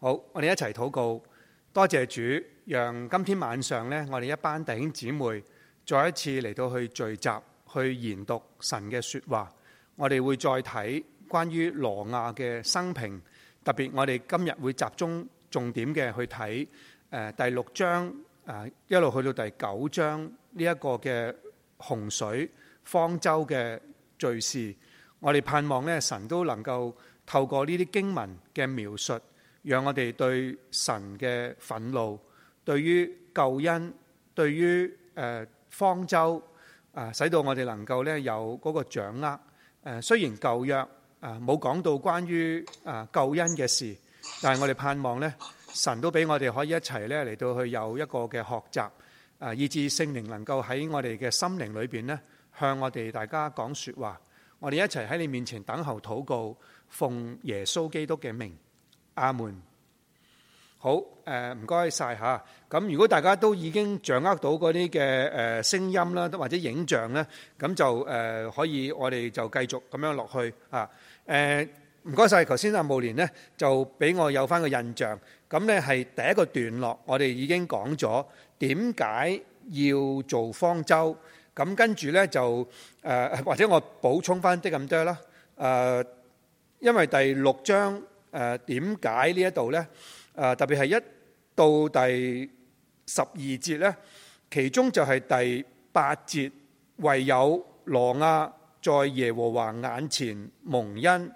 好，我哋一齊禱告。多謝主，讓今天晚上呢，我哋一班弟兄姊妹再一次嚟到去聚集，去研讀神嘅說話。我哋會再睇關於挪亞嘅生平，特別我哋今日會集中重點嘅去睇誒第六章啊，一路去到第九章呢一個嘅洪水方舟嘅敘事。我哋盼望呢神都能夠透過呢啲經文嘅描述。讓我哋對神嘅憤怒，對於救恩，對於誒方舟啊，使到我哋能夠呢有嗰個掌握。誒，雖然舊約啊冇講到關於啊救恩嘅事，但係我哋盼望呢神都俾我哋可以一齊呢嚟到去有一個嘅學習，以至聖靈能夠喺我哋嘅心靈裏邊呢向我哋大家講說話。我哋一齊喺你面前等候禱告，奉耶穌基督嘅名。阿門，好，誒，唔該晒吓。咁如果大家都已經掌握到嗰啲嘅誒聲音啦，或者影像咧，咁就誒可以，我哋就繼續咁樣落去啊。誒，唔該晒，頭先阿慕蓮咧就俾我有翻個印象。咁咧係第一個段落，我哋已經講咗點解要做方舟。咁跟住咧就誒，或者我補充翻啲咁多啦。誒，因為第六章。誒點解呢一度呢？誒、啊、特別係一到第十二節呢，其中就係第八節，唯有挪亞在耶和華眼前蒙恩，誒、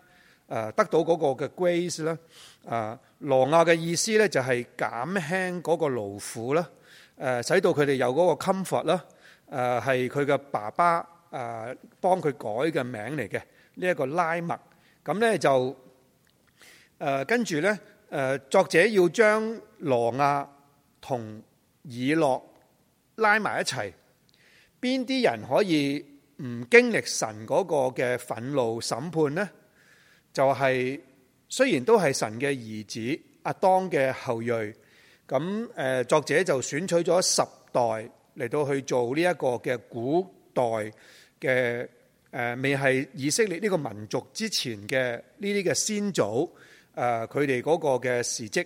啊，得到嗰個嘅 grace 咧、啊。誒挪亞嘅意思呢，就係、是、減輕嗰個勞苦啦，誒、啊、使到佢哋有嗰個 comfort 啦。誒係佢嘅爸爸誒、啊、幫佢改嘅名嚟嘅，呢、這、一個拉麥。咁、啊、呢，那就。誒跟住呢，誒作者要將挪亞同以諾拉埋一齊，邊啲人可以唔經歷神嗰個嘅憤怒審判呢？就係、是、雖然都係神嘅兒子阿當嘅後裔，咁誒作者就選取咗十代嚟到去做呢一個嘅古代嘅誒未係以色列呢個民族之前嘅呢啲嘅先祖。誒佢哋嗰個嘅事蹟，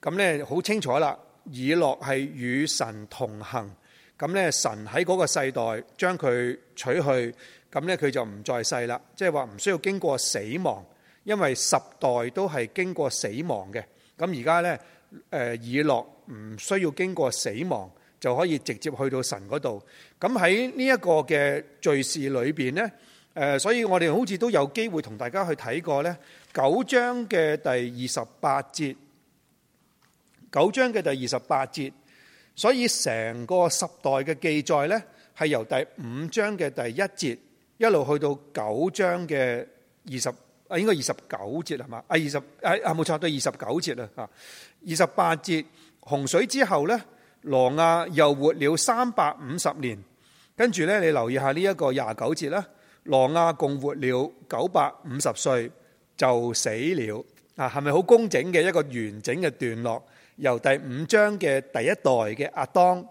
咁呢好清楚啦。以諾係與神同行，咁呢神喺嗰個世代將佢取去，咁呢佢就唔在世啦。即係話唔需要經過死亡，因為十代都係經過死亡嘅。咁而家呢，誒、呃、以諾唔需要經過死亡，就可以直接去到神嗰度。咁喺呢一個嘅敘事裏邊呢，所以我哋好似都有機會同大家去睇過九章嘅第二十八節，九章嘅第二十八節，所以成個十代嘅記載呢，係由第五章嘅第一節一路去到九章嘅二十啊，應該二十九節係嘛啊？二十啊啊，冇錯，到二十九節啦。二十八節洪水之後呢，挪亞又活了三百五十年，跟住呢，你留意下呢一個廿九節啦。挪亞共活了九百五十歲就死了啊，係咪好工整嘅一個完整嘅段落？由第五章嘅第一代嘅亞當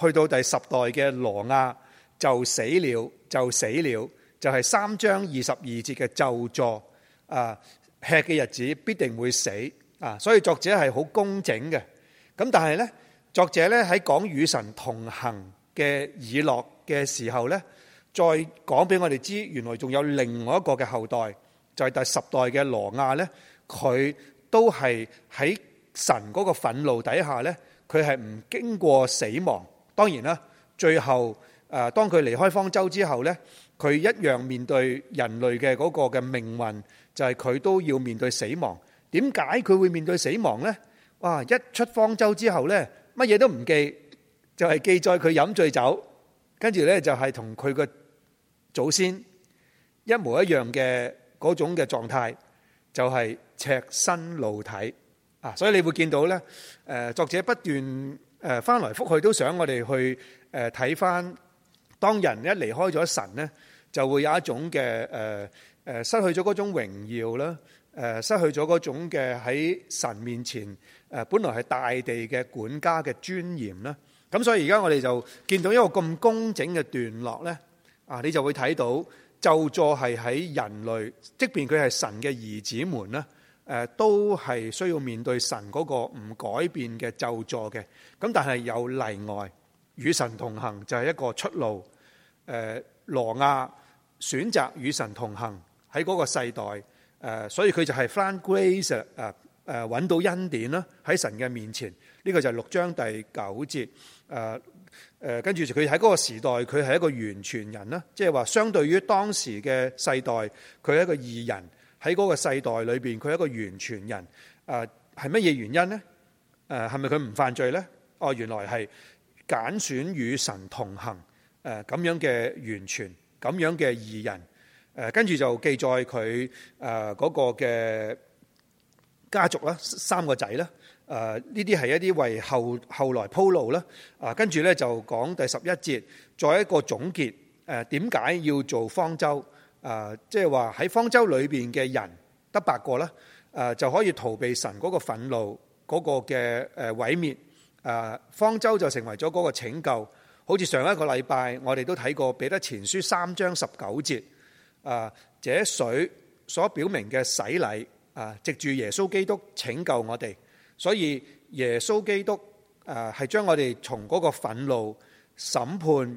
去到第十代嘅挪亞就死了，就死了，就係、是、三章二十二節嘅咒詛啊，吃嘅日子必定會死啊，所以作者係好工整嘅。咁但係呢，作者咧喺講與神同行嘅以諾嘅時候呢。再講俾我哋知，原來仲有另外一個嘅後代，就係第十代嘅挪亞呢，佢都係喺神嗰個憤怒底下呢，佢係唔經過死亡。當然啦，最後誒當佢離開方舟之後呢，佢一樣面對人類嘅嗰個嘅命運，就係佢都要面對死亡。點解佢會面對死亡呢？哇！一出方舟之後呢，乜嘢都唔記，就係記載佢飲醉酒，跟住呢，就係同佢個。祖先一模一樣嘅嗰種嘅狀態，就係赤身露體啊！所以你會見到咧，誒作者不斷誒翻來覆去都想我哋去誒睇翻，當人一離開咗神咧，就會有一種嘅誒誒失去咗嗰種榮耀啦，誒失去咗嗰種嘅喺神面前誒，本來係大地嘅管家嘅尊嚴啦。咁所以而家我哋就見到一個咁工整嘅段落咧。啊，你就會睇到咒詛係喺人類，即便佢係神嘅兒子們咧，誒、呃、都係需要面對神嗰個唔改變嘅咒詛嘅。咁但係有例外，與神同行就係一個出路。誒、呃，挪亞選擇與神同行喺嗰個世代，誒、呃，所以佢就係 find grace 啊、呃、誒，揾、呃、到恩典啦喺神嘅面前。呢、這個就係六章第九節誒。呃誒，跟住佢喺嗰個時代，佢係一個完全人啦。即係話，相對於當時嘅世代，佢係一個義人喺嗰個世代裏邊，佢係一個完全人。誒，係乜嘢原因呢？誒、呃，係咪佢唔犯罪呢？哦，原來係揀選與神同行。誒、呃，咁樣嘅完全，咁樣嘅義人。誒、呃，跟住就記載佢誒嗰個嘅家族啦，三個仔啦。誒呢啲係一啲為後後來鋪路啦。啊，跟、啊、住呢，就講第十一節，再一個總結。誒，點解要做方舟？誒即係話喺方舟裏面嘅人得八個啦。誒、啊、就可以逃避神嗰個憤怒嗰、嗰個嘅誒毀滅、啊。方舟就成為咗嗰個拯救。好似上一個禮拜我哋都睇過彼得前書三章十九節。誒、啊、這水所表明嘅洗禮，啊藉住耶穌基督拯救我哋。所以耶穌基督誒係將我哋從嗰個憤怒、審判誒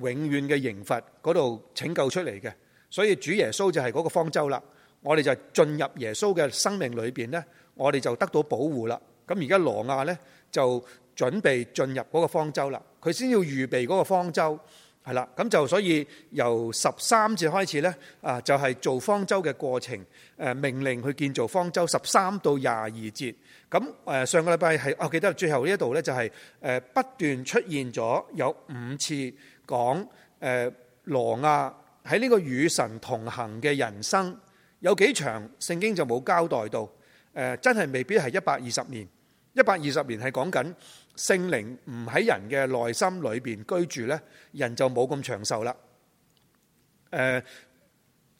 永遠嘅刑罰嗰度拯救出嚟嘅。所以主耶穌就係嗰個方舟啦。我哋就進入耶穌嘅生命裏邊咧，我哋就得到保護啦。咁而家挪亞咧就準備進入嗰個方舟啦。佢先要預備嗰個方舟。係啦，咁就所以由十三節開始呢，啊就係、是、做方舟嘅過程，命令去建造方舟十三到廿二節，咁上個禮拜係我記得最後呢一度呢，就係不斷出現咗有五次講誒挪亞喺呢個與神同行嘅人生有幾長，聖經就冇交代到、呃，真係未必係一百二十年，一百二十年係講緊。聖靈唔喺人嘅內心裏邊居住呢，人就冇咁長壽啦。誒、呃，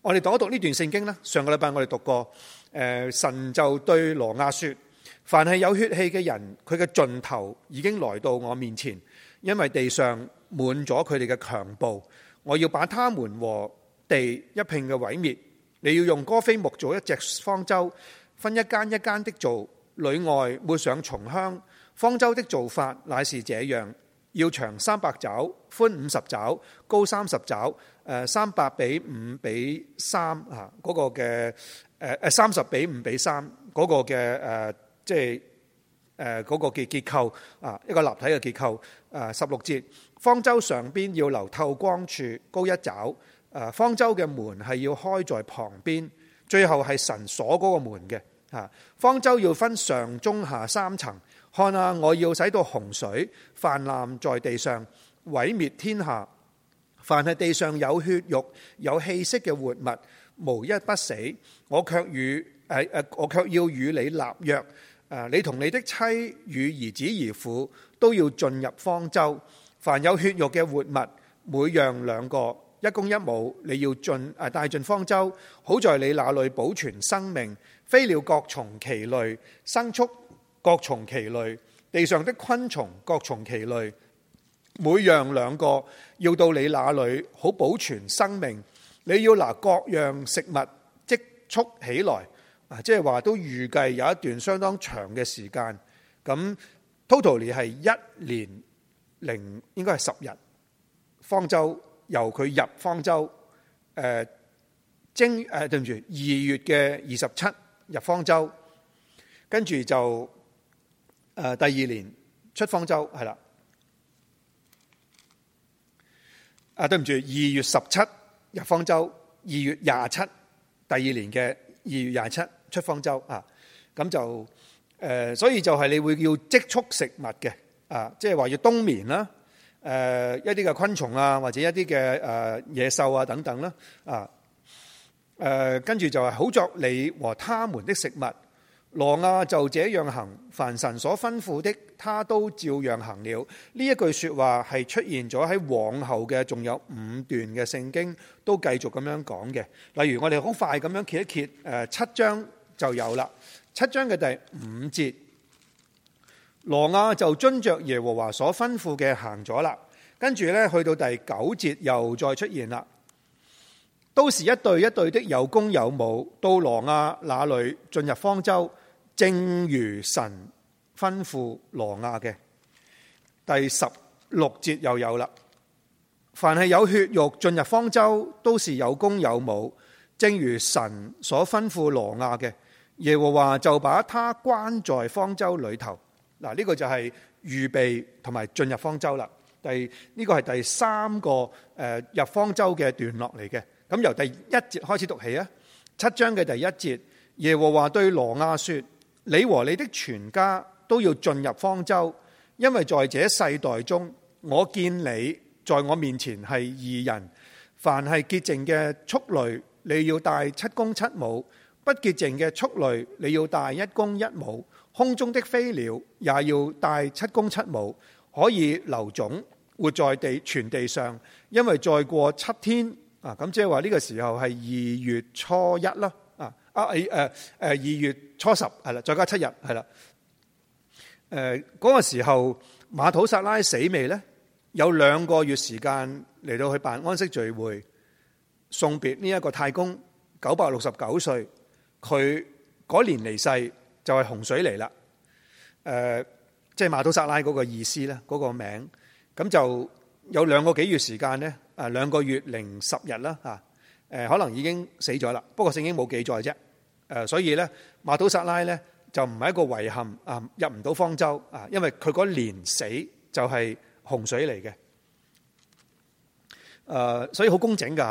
我哋讀一讀呢段聖經呢，上個禮拜我哋讀過，誒、呃，神就對挪亞說：凡係有血氣嘅人，佢嘅盡頭已經來到我面前，因為地上滿咗佢哋嘅強暴，我要把他們和地一併嘅毀滅。你要用歌斐木做一隻方舟，分一間一間的做裏外重，抹上松香。方舟的做法乃是這樣，要長三百肘，寬五十肘，高三十肘。誒，三百比五比三啊，嗰個嘅誒誒三十比五比三嗰個嘅誒，即係誒嗰個嘅結構啊，一個立體嘅結構。誒，十六節方舟上邊要留透光處，高一肘。誒，方舟嘅門係要開在旁邊，最後係神鎖嗰個門嘅。嚇，方舟要分上中下三層。看啊！我要使到洪水泛濫在地上，毀滅天下。凡係地上有血肉、有氣息嘅活物，無一不死。我卻與誒誒、呃，我卻要與你立約。誒，你同你的妻與兒子兒婦都要進入方舟。凡有血肉嘅活物，每樣兩個，一公一母，你要進誒帶進方舟，好在你那裏保存生命，飛鳥、各從其類牲畜，各從其類，地上的昆蟲各從其類，每樣兩個要到你那裏好保存生命。你要拿各樣食物積蓄起來，啊，即係話都預計有一段相當長嘅時間。咁 totally 係一年零應該係十日。方舟由佢入方舟，誒、啊，正誒、啊、對唔住二月嘅二十七入方舟，跟住就。誒，第二年出方舟係啦。啊，對唔住，二月十七入方舟，二月廿七，第二年嘅二月廿七出方舟啊。咁就誒，所以就係你會要積蓄食物嘅，啊，即係話要冬眠啦。誒，一啲嘅昆蟲啊，或者一啲嘅誒野獸啊等等啦。啊，誒，跟住就係好作你和他們的食物。挪亞就這樣行，凡神所吩咐的，他都照樣行了。呢一句說話係出現咗喺往後嘅，仲有五段嘅聖經都繼續咁樣講嘅。例如我哋好快咁樣揭一揭，誒七章就有啦。七章嘅第五節，挪亞就遵着耶和華所吩咐嘅行咗啦。跟住呢，去到第九節又再出現啦，都是一對一對的有功有武，有公有母到挪亞那裏進入方舟。正如神吩咐挪亞嘅。第十六節又有啦，凡係有血肉進入方舟，都是有公有母，正如神所吩咐挪亞嘅，耶和華就把他關在方舟裏頭。嗱，呢個就係預備同埋進入方舟啦。第呢個係第三個誒入方舟嘅段落嚟嘅。咁由第一節開始讀起啊，七章嘅第一節，耶和華對挪亞說。你和你的全家都要進入方舟，因為在這世代中，我見你在我面前係義人。凡係潔淨嘅畜類，你要帶七公七母；不潔淨嘅畜類，你要帶一公一母。空中的飛鳥也要帶七公七母，可以留種，活在地全地上。因為再過七天啊，咁即係話呢個時候係二月初一啦。啊，誒誒二月初十係啦，再加七日係啦。誒嗰個時候，馬土撒拉死未咧？有兩個月時間嚟到去辦安息聚會，送別呢一個太公九百六十九歲。佢嗰年離世就係洪水嚟啦。誒，即係馬土撒拉嗰個意思咧，嗰個名。咁就有兩個幾月時間咧，誒兩個月零十日啦，嚇。誒可能已經死咗啦，不過聖經冇記載啫。誒，所以咧，瑪土撒拉咧就唔係一個遺憾啊，入唔到方舟啊，因為佢嗰年死就係洪水嚟嘅。誒，所以好工整噶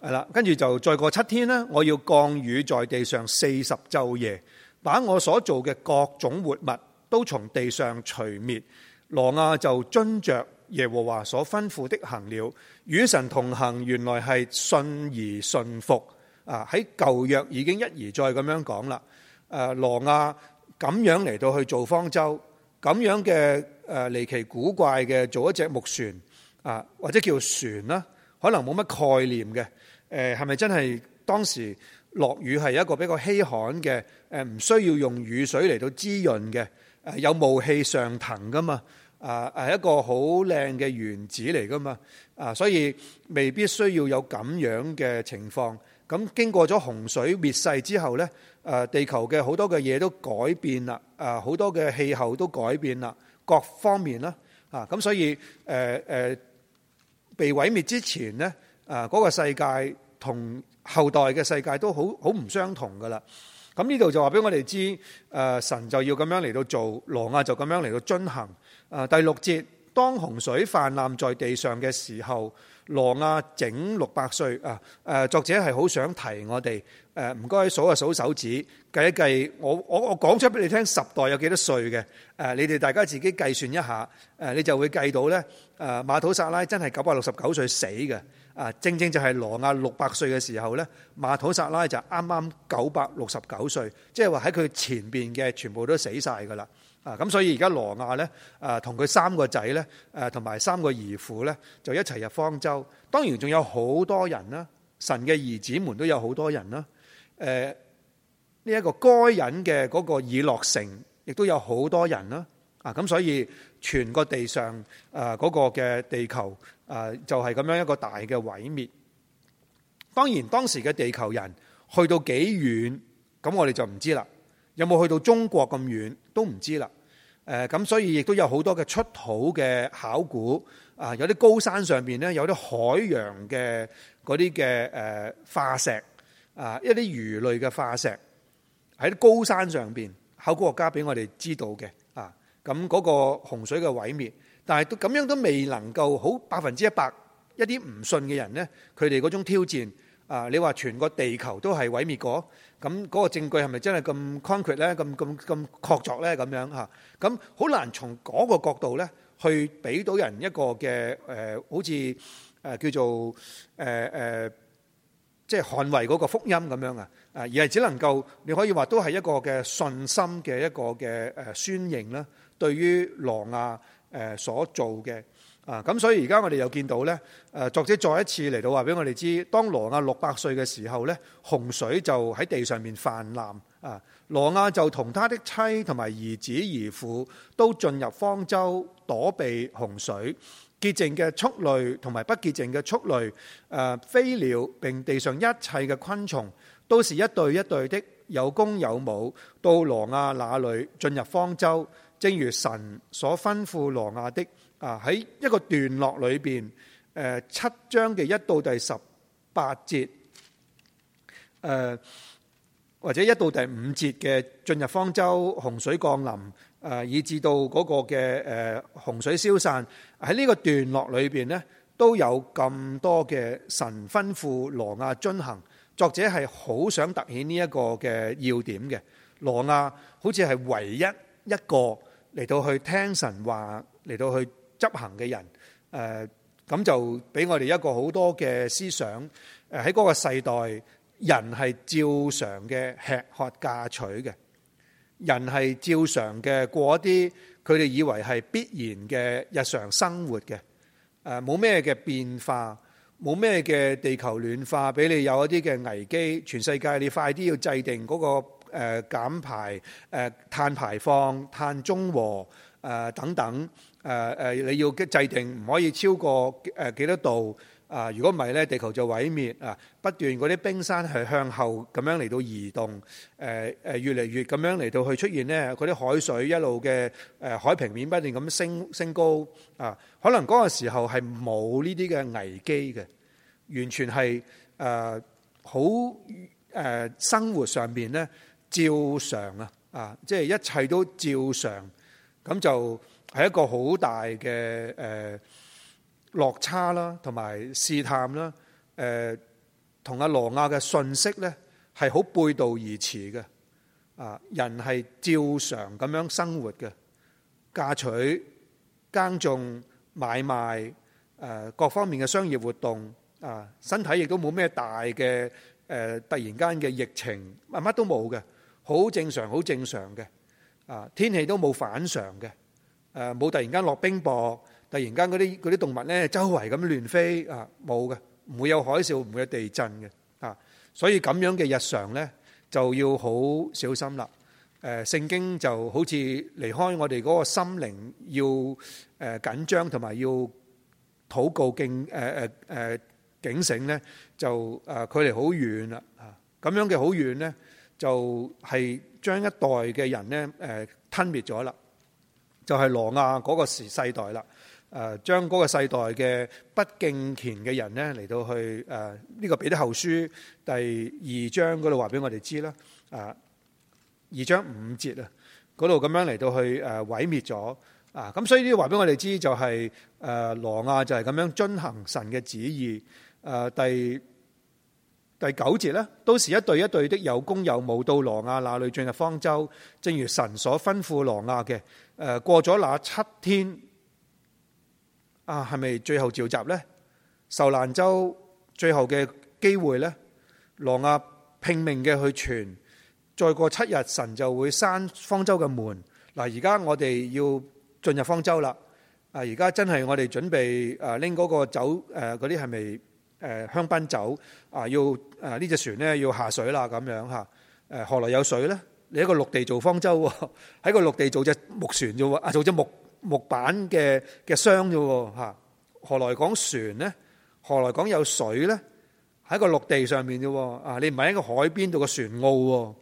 吓，係啦，跟住就再過七天啦，我要降雨在地上四十晝夜，把我所做嘅各種活物都從地上除滅。挪亞就遵着耶和華所吩咐的行了，與神同行，原來係信而順服。啊！喺舊約已經一而再咁樣講啦。誒，挪亞咁樣嚟到去做方舟，咁樣嘅誒離奇古怪嘅做一隻木船啊，或者叫船啦，可能冇乜概念嘅。誒，係咪真係當時落雨係一個比較稀罕嘅誒？唔需要用雨水嚟到滋潤嘅誒？有霧氣上騰㗎嘛？啊啊！一個好靚嘅原子嚟㗎嘛？啊，所以未必需要有咁樣嘅情況。咁經過咗洪水滅世之後呢，地球嘅好多嘅嘢都改變啦，好多嘅氣候都改變啦，各方面啦，啊咁所以誒誒被毀滅之前呢，嗰個世界同後代嘅世界都好好唔相同噶啦。咁呢度就話俾我哋知，神就要咁樣嚟到做，挪亞就咁樣嚟到進行。第六節，當洪水泛濫在地上嘅時候。挪亞整六百歲啊！作者係好想提我哋誒，唔、啊、該數啊數手指，計一計，我我我講出俾你聽，十代有幾多歲嘅，啊？你哋大家自己計算一下，啊、你就會計到咧。誒、啊，馬土撒拉真係九百六十九歲死嘅。啊，正正就係挪亞六百歲嘅時候咧，馬土撒拉就啱啱九百六十九歲，即係話喺佢前面嘅全部都死晒噶啦。啊，咁所以而家挪亞咧，啊，同佢三個仔咧，誒、啊，同埋三個兒婦咧，就一齊入方舟。當然仲有好多人啦、啊，神嘅兒子們都有好多人啦。誒，呢一個該隱嘅嗰個以諾城，亦都有好多人啦。啊、咁、這個啊啊、所以全個地上誒嗰、啊那個嘅地球誒、啊，就係、是，咁樣一個大嘅毀滅。當然當時嘅地球人去到幾遠，咁我哋就唔知啦。有冇去到中國咁遠？都唔知啦，誒咁，所以亦都有好多嘅出土嘅考古啊，有啲高山上邊咧，有啲海洋嘅嗰啲嘅誒化石啊，一啲魚類嘅化石喺高山上邊，考古學家俾我哋知道嘅啊，咁嗰個洪水嘅毀滅，但係都咁樣都未能夠好百分之一百一啲唔信，一啲唔信嘅人呢，佢哋嗰種挑戰，啊，你話全個地球都係毀滅過。咁嗰個證據係咪真係咁 concrete 咧？咁咁咁確鑿咧？咁樣嚇，咁好難從嗰個角度咧，去俾到人一個嘅誒，好似誒叫做誒誒，即係捍衞嗰個福音咁樣啊！啊，而係只能夠你可以話都係一個嘅信心嘅一個嘅誒宣認啦，對於挪亞誒所做嘅。啊！咁所以而家我哋又見到呢，誒作者再一次嚟到話俾我哋知，當羅亞六百歲嘅時候呢，洪水就喺地上面泛濫啊！羅亞就同他的妻同埋兒子兒婦都進入方舟躲避洪水。潔淨嘅畜類同埋不潔淨嘅畜類，誒飛鳥並地上一切嘅昆蟲，都是一對一對的有公有母到羅亞那裏進入方舟，正如神所吩咐羅亞的。啊！喺一個段落裏邊，誒七章嘅一到第十八節，誒、呃、或者一到第五節嘅進入方舟、洪水降臨，誒、呃、以至到嗰個嘅誒、呃、洪水消散。喺呢個段落裏邊呢，都有咁多嘅神吩咐挪亞遵行。作者係好想突顯呢一個嘅要點嘅。挪亞好似係唯一一個嚟到去聽神話嚟到去執行嘅人，誒咁就俾我哋一個好多嘅思想，誒喺嗰個世代，人係照常嘅吃喝嫁娶嘅，人係照常嘅過一啲佢哋以為係必然嘅日常生活嘅，誒冇咩嘅變化，冇咩嘅地球暖化，俾你有一啲嘅危機，全世界你快啲要制定嗰個誒減排、誒碳排放、碳中和誒等等。誒誒，你要制定唔可以超過誒幾多度啊？如果唔係咧，地球就毀滅啊！不斷嗰啲冰山係向後咁樣嚟到移動，誒誒，越嚟越咁樣嚟到去出現咧，嗰啲海水一路嘅誒海平面不斷咁升升高啊！可能嗰個時候係冇呢啲嘅危機嘅，完全係誒好誒生活上面咧照常啊！啊，即係一切都照常，咁就。係一個好大嘅誒落差，啦，同埋試探啦，誒同挪亞嘅訊息咧係好背道而馳嘅。啊，人係照常咁樣生活嘅，嫁娶、耕種、買賣誒，各方面嘅商業活動啊，身體亦都冇咩大嘅誒，突然間嘅疫情啊，乜都冇嘅，好正常，好正常嘅。啊，天氣都冇反常嘅。誒冇突然間落冰雹，突然間嗰啲嗰啲動物咧周圍咁亂飛啊，冇嘅，唔會有海嘯，唔會有地震嘅啊！所以咁樣嘅日常咧就要好小心啦。誒聖經就好似離開我哋嗰個心靈，要誒緊張同埋要禱告敬誒誒誒警醒咧，就誒距離好遠啦嚇！咁樣嘅好遠咧，就係將一代嘅人咧誒吞滅咗啦。就係挪亞嗰個世代啦，誒將嗰個世代嘅不敬虔嘅人呢，嚟到去誒呢、這個彼得後書第二章嗰度話俾我哋知啦，啊二章五節啊嗰度咁樣嚟到去誒毀滅咗啊，咁所以呢啲話俾我哋知就係誒挪亞就係咁樣遵行神嘅旨意誒第。第九節呢，都是一對一對的，有公有母，到挪亞，那裏進入方舟？正如神所吩咐挪亞嘅。誒，過咗那七天，啊，係咪最後召集呢？受難周最後嘅機會呢？挪亞拼命嘅去傳，再過七日，神就會閂方舟嘅門。嗱，而家我哋要進入方舟啦。啊，而家真係我哋準備誒拎嗰個酒，誒嗰啲係咪？誒香檳酒啊，要誒呢隻船咧，要下水啦，咁樣嚇誒、啊、何來有水咧？你一個陸地做方舟喎、哦，喺個陸地做隻木船啫喎、啊，做隻木木板嘅嘅箱啫喎嚇，何來講船咧？何來講有水咧？喺個陸地上面啫喎，啊，你唔係喺個海邊度個船澳喎、哦，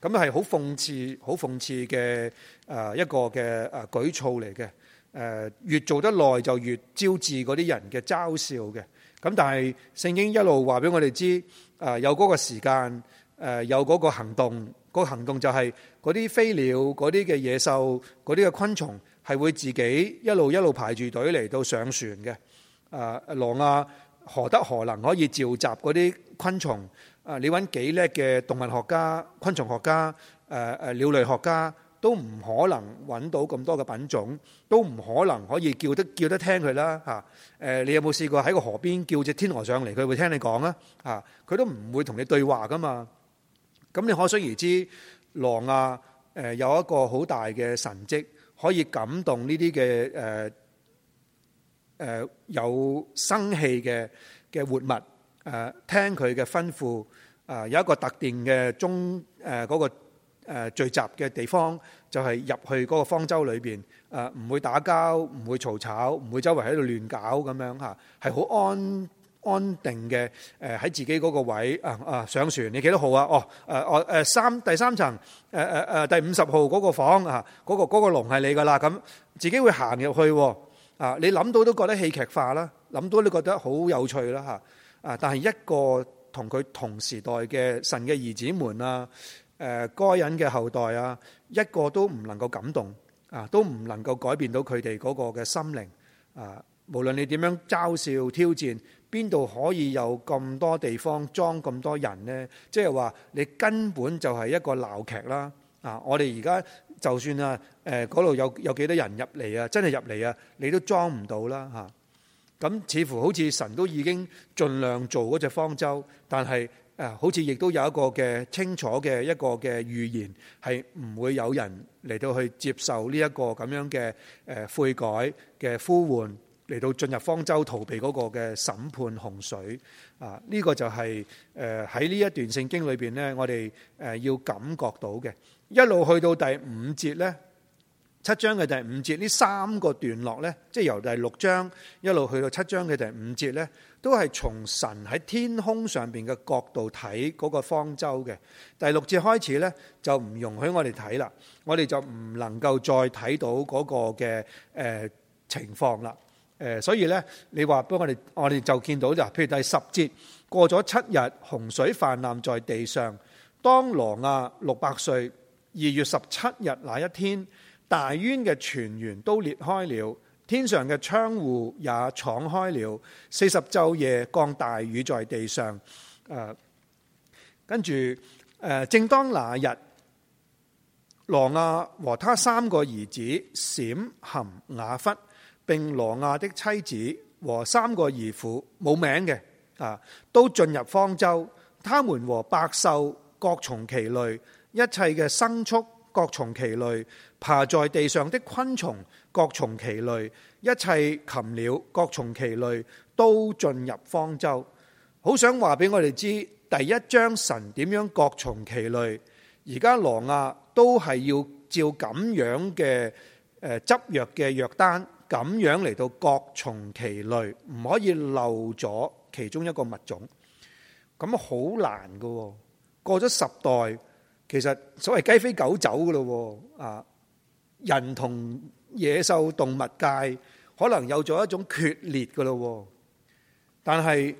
咁係好諷刺、好諷刺嘅誒、啊、一個嘅誒舉措嚟嘅。誒、啊、越做得耐就越招致嗰啲人嘅嘲笑嘅。咁但係聖經一路話俾我哋知，誒有嗰個時間，誒有嗰個行動，嗰行動就係嗰啲飛鳥、嗰啲嘅野獸、嗰啲嘅昆蟲係會自己一路一路排住隊嚟到上船嘅。誒誒狼啊，何德何能可以召集嗰啲昆蟲誒，你揾幾叻嘅動物學家、昆蟲學家、誒誒鳥類學家。都唔可能揾到咁多嘅品種，都唔可能可以叫得叫得聽佢啦吓。誒、啊，你有冇試過喺個河邊叫隻天鵝上嚟，佢會聽你講啊？吓，佢都唔會同你對話噶嘛。咁你可想而知，挪亞，誒，有一個好大嘅神蹟可以感動呢啲嘅誒誒有生氣嘅嘅活物，誒、呃，聽佢嘅吩咐，誒、呃，有一個特定嘅中誒嗰、呃那個。誒聚集嘅地方就係入去嗰個方舟裏邊，誒唔會打交，唔會嘈吵，吵，唔會周圍喺度亂搞咁樣嚇，係好安安定嘅。誒喺自己嗰個位，啊啊上船，你幾多號啊？哦，誒、啊、誒三第三層，誒誒誒第五十號嗰個房嚇，嗰、啊嗰個嗰、嗰個籠係你㗎啦。咁自己會行入去，啊你諗到都覺得戲劇化啦，諗到你覺得好有趣啦嚇。啊，但係一個同佢同時代嘅神嘅兒子們啊。誒、呃、該人嘅後代啊，一個都唔能夠感動啊，都唔能夠改變到佢哋嗰個嘅心靈啊。無論你點樣嘲笑挑戰，邊度可以有咁多地方裝咁多人呢？即係話你根本就係一個鬧劇啦。啊，我哋而家就算啊，誒嗰度有有幾多人入嚟啊，真係入嚟啊，你都裝唔到啦嚇。咁、啊、似乎好似神都已經盡量做嗰隻方舟，但係，誒，好似亦都有一個嘅清楚嘅一個嘅預言，係唔會有人嚟到去接受呢一個咁樣嘅誒悔改嘅呼喚，嚟到進入方舟逃避嗰個嘅審判洪水。啊，呢個就係誒喺呢一段聖經裏邊呢，我哋誒要感覺到嘅一路去到第五節呢。七章嘅第五節，呢三個段落呢，即係由第六章一路去到七章嘅第五節呢，都係從神喺天空上邊嘅角度睇嗰個方舟嘅。第六節開始呢，就唔容許我哋睇啦，我哋就唔能夠再睇到嗰個嘅誒情況啦。誒，所以呢，你話俾我哋，我哋就見到就，譬如第十節過咗七日，洪水泛濫在地上。當挪亞六百歲二月十七日那一天。大淵嘅泉源都裂開了，天上嘅窗戶也敞開了。四十晝夜降大雨在地上。誒、呃，跟住誒、呃，正當那日，挪亞和他三個兒子閃、含、雅弗，並挪亞的妻子和三個兒婦冇名嘅，啊，都進入方舟。他們和百獸各從其類，一切嘅牲畜。各從其類，爬在地上的昆蟲各從其類，一切禽鳥各從其類，都進入方舟。好想話俾我哋知，第一章神點樣各從其類，而家挪亞都係要照咁樣嘅誒執藥嘅藥單，咁樣嚟到各從其類，唔可以漏咗其中一個物種。咁好難噶，過咗十代。其實所謂雞飛狗走嘅咯，啊，人同野獸動物界可能有咗一種決裂嘅咯。但係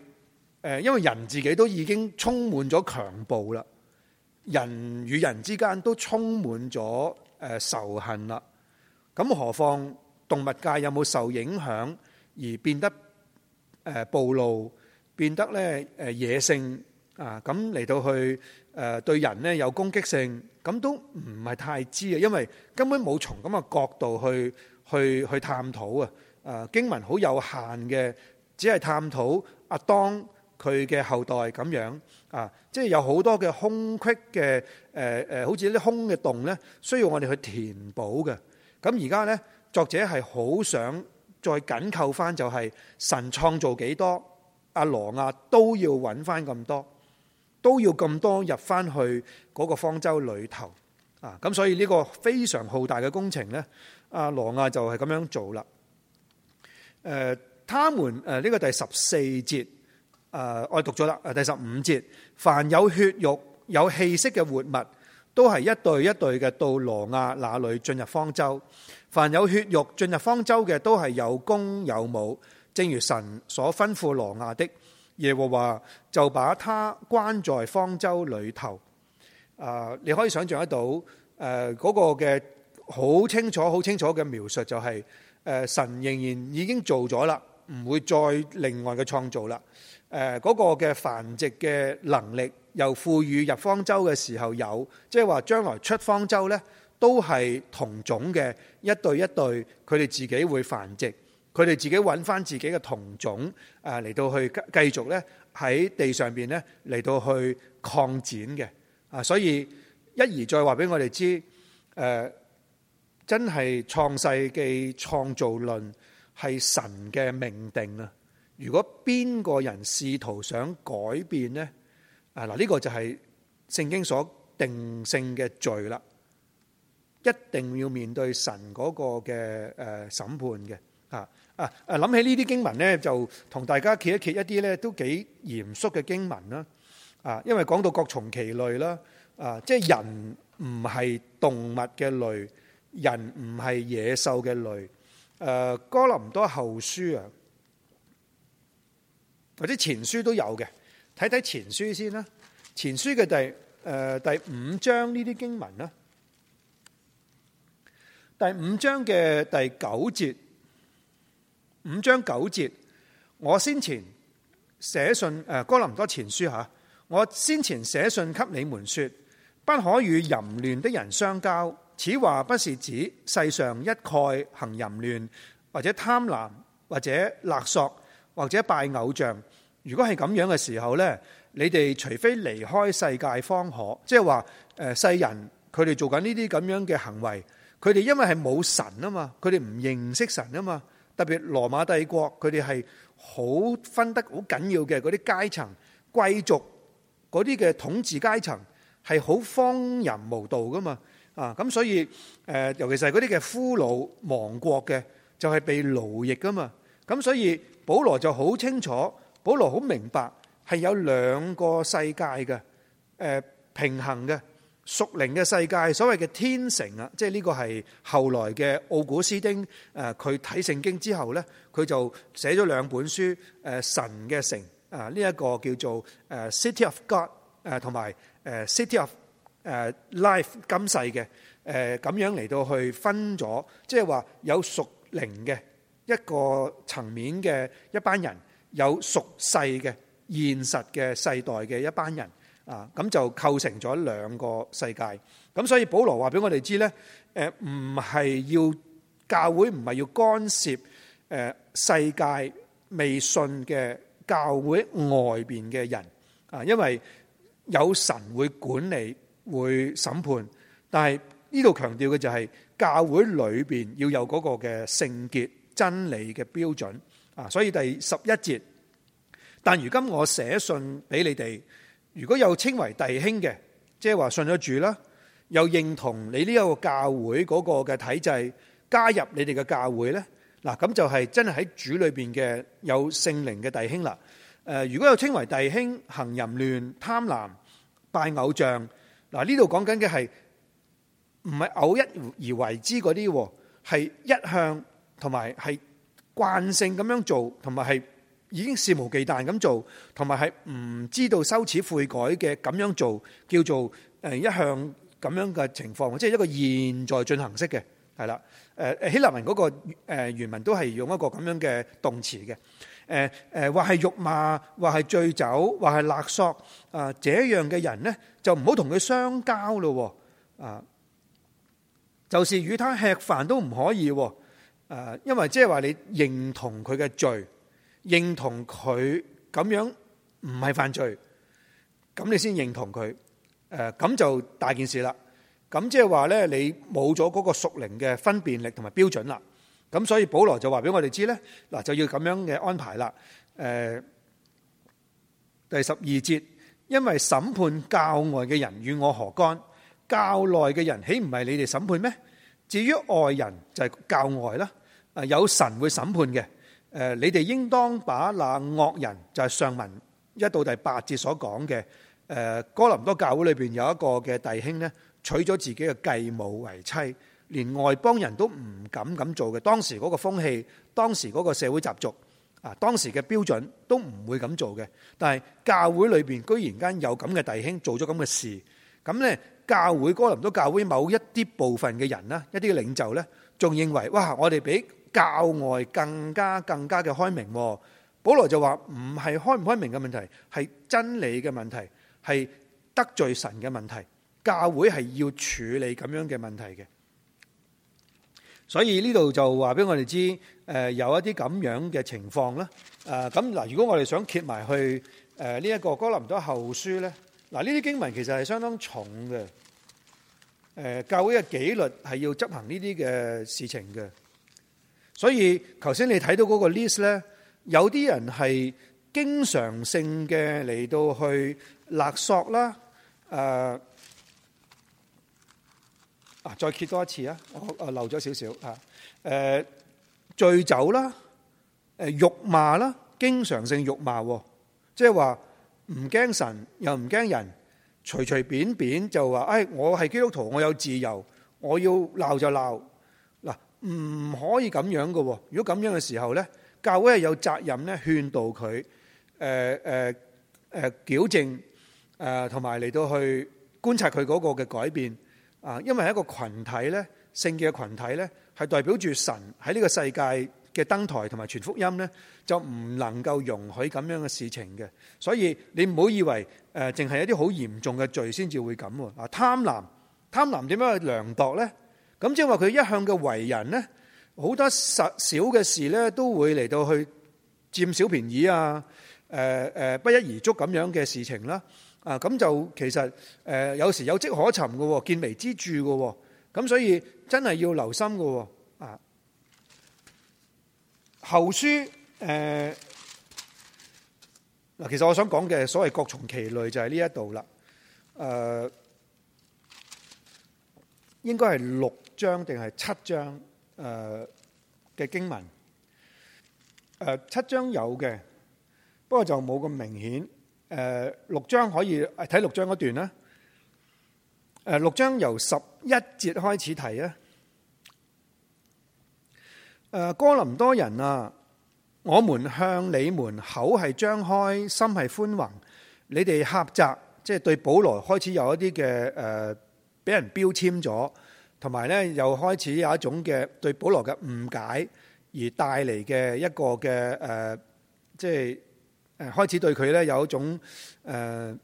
誒，因為人自己都已經充滿咗強暴啦，人與人之間都充滿咗誒仇恨啦。咁何況動物界有冇受影響而變得誒暴露，變得咧誒野性啊？咁嚟到去。誒對人咧有攻擊性，咁都唔係太知啊，因為根本冇從咁嘅角度去去去探討啊！誒經文好有限嘅，只係探討阿當佢嘅後代咁樣啊，即係有好多嘅空隙嘅誒誒，好似啲空嘅洞咧，需要我哋去填補嘅。咁而家咧，作者係好想再緊扣翻，就係神創造幾多挪亞都要揾翻咁多，都要咁多入翻去嗰個方舟裏頭啊！咁所以呢個非常浩大嘅工程呢，阿挪亞就係咁樣做啦。誒，他們誒呢個第十四節，誒我讀咗啦，第十五節，凡有血肉有氣息嘅活物，都係一對一對嘅到挪亞那裏進入方舟。凡有血肉進入方舟嘅，都係有公有母，正如神所吩咐挪亞的。耶和華就把他關在方舟裏頭。啊，你可以想象得到，誒嗰個嘅好清楚、好清楚嘅描述就係，誒神仍然已經做咗啦，唔會再另外嘅創造啦。誒嗰個嘅繁殖嘅能力又賦予入方舟嘅時候有，即係話將來出方舟呢，都係同種嘅一對一對，佢哋自己會繁殖。佢哋自己揾翻自己嘅同種啊，嚟到去繼續咧喺地上邊咧嚟到去擴展嘅啊！所以一而再話俾我哋知，誒真係創世記創造論係神嘅命定啊。如果邊個人試圖想改變咧啊嗱，呢個就係聖經所定性嘅罪啦，一定要面對神嗰個嘅誒審判嘅啊！啊！誒，諗起呢啲經文咧，就同大家揭一揭一啲咧都幾嚴肅嘅經文啦。啊，因為講到各從其類啦，啊，即係人唔係動物嘅類，人唔係野獸嘅類。誒，哥林多後書啊，或者前書都有嘅，睇睇前書先啦。前書嘅第誒第五章呢啲經文啦，第五章嘅第，第九節。五章九節，我先前寫信誒，哥林多前書吓，我先前寫信給你們說，不可與淫亂的人相交。此話不是指世上一概行淫亂，或者貪婪，或者勒索，或者拜偶像。如果係咁樣嘅時候呢，你哋除非離開世界方可。即係話，誒，世人佢哋做緊呢啲咁樣嘅行為，佢哋因為係冇神啊嘛，佢哋唔認識神啊嘛。特別羅馬帝國，佢哋係好分得好緊要嘅，嗰啲階層貴族嗰啲嘅統治階層係好荒淫無道噶嘛，啊，咁，所以誒，尤其是係嗰啲嘅俘虜亡國嘅就係、是、被奴役噶嘛。咁所以保羅就好清楚，保羅好明白係有兩個世界嘅誒平衡嘅。屬靈嘅世界，所謂嘅天城啊，即係呢個係後來嘅奧古斯丁誒佢睇聖經之後咧，佢就寫咗兩本書誒神嘅城啊，呢、這、一個叫做誒 City of God 誒同埋誒 City of 誒 Life 今世嘅誒咁樣嚟到去分咗，即係話有屬靈嘅一個層面嘅一班人，有屬世嘅現實嘅世代嘅一班人。啊，咁就構成咗兩個世界。咁所以保羅話俾我哋知呢，誒，唔係要教會唔係要干涉誒世界未信嘅教會外邊嘅人啊，因為有神會管理會審判。但係呢度強調嘅就係教會裏邊要有嗰個嘅聖潔真理嘅標準啊。所以第十一節，但如今我寫信俾你哋。如果又稱為弟兄嘅，即係話信咗主啦，又認同你呢個教會嗰個嘅體制，加入你哋嘅教會咧，嗱咁就係真係喺主裏邊嘅有聖靈嘅弟兄啦。誒，如果有稱為弟兄行淫亂、貪婪、拜偶像，嗱呢度講緊嘅係唔係偶一而為之嗰啲，係一向同埋係慣性咁樣做，同埋係。已經肆無忌憚咁做，同埋係唔知道羞恥悔改嘅咁樣做，叫做誒一向咁樣嘅情況，即係一個現在進行式嘅，係啦。誒誒希臘文嗰個誒原文都係用一個咁樣嘅動詞嘅。誒誒，或係辱罵，或係醉酒，或係勒索啊，這樣嘅人咧，就唔好同佢相交咯。啊，就是與他吃飯都唔可以。誒，因為即係話你認同佢嘅罪。認同佢咁樣唔係犯罪，咁你先認同佢誒，咁就大件事啦。咁即係話呢，你冇咗嗰個屬靈嘅分辨力同埋標準啦。咁所以保羅就話俾我哋知呢，嗱就要咁樣嘅安排啦。誒，第十二節，因為審判教外嘅人與我何干？教內嘅人豈唔係你哋審判咩？至於外人就係教外啦。啊，有神會審判嘅。誒，你哋應當把那惡人，就係上文一到第八節所講嘅，誒哥林多教會裏邊有一個嘅弟兄咧，娶咗自己嘅繼母為妻，連外邦人都唔敢咁做嘅。當時嗰個風氣，當時嗰個社會習俗，啊，當時嘅標準都唔會咁做嘅。但係教會裏邊居然間有咁嘅弟兄做咗咁嘅事，咁咧教會哥林多教會某一啲部分嘅人啦，一啲嘅領袖咧，仲認為哇，我哋俾。教外更加更加嘅開明，保羅就話唔係開唔開明嘅問題，係真理嘅問題，係得罪神嘅問題。教會係要處理咁樣嘅問題嘅，所以呢度就話俾我哋知，誒、呃、有一啲咁樣嘅情況啦。誒咁嗱，如果我哋想揭埋去誒呢一個哥林多後書咧，嗱呢啲經文其實係相當重嘅，誒、呃、教會嘅紀律係要執行呢啲嘅事情嘅。所以，頭先你睇到嗰個 list 咧，有啲人係經常性嘅嚟到去勒索啦，誒、呃、啊，再揭多一次一點點啊，我誒漏咗少少啊，誒醉酒啦，誒、呃、辱罵啦，經常性辱罵喎，即係話唔驚神又唔驚人，隨隨便便就話，誒、哎、我係基督徒，我有自由，我要鬧就鬧。唔可以咁樣噶，如果咁樣嘅時候呢，教會係有責任咧勸導佢，誒誒誒矯正，誒同埋嚟到去觀察佢嗰個嘅改變啊，因為一個群體咧，聖嘅群體呢，係代表住神喺呢個世界嘅燈台同埋傳福音呢，就唔能夠容許咁樣嘅事情嘅，所以你唔好以為誒淨係一啲好嚴重嘅罪先至會咁，啊貪婪，貪婪點樣去量度呢？咁即係話佢一向嘅為人咧，好多實小嘅事咧，都會嚟到去佔小便宜啊！誒誒，不一而足咁樣嘅事情啦。啊，咁就其實誒有時有跡可尋嘅，見微知著嘅。咁所以真係要留心嘅。啊，後書誒嗱，其實我想講嘅所謂各從其類就係呢一度啦。誒。應該係六章定係七章誒嘅經文，誒七章有嘅，不過就冇咁明顯。誒六章可以睇六章嗰段啦。誒六章由十一節開始提啊。誒哥林多人啊，我們向你們口係張開，心係寬宏。你哋狹窄，即係對保羅開始有一啲嘅誒。啊俾人標籤咗，同埋咧又開始有一種嘅對保羅嘅誤解，而帶嚟嘅一個嘅誒、呃，即係誒開始對佢咧有一種誒、呃，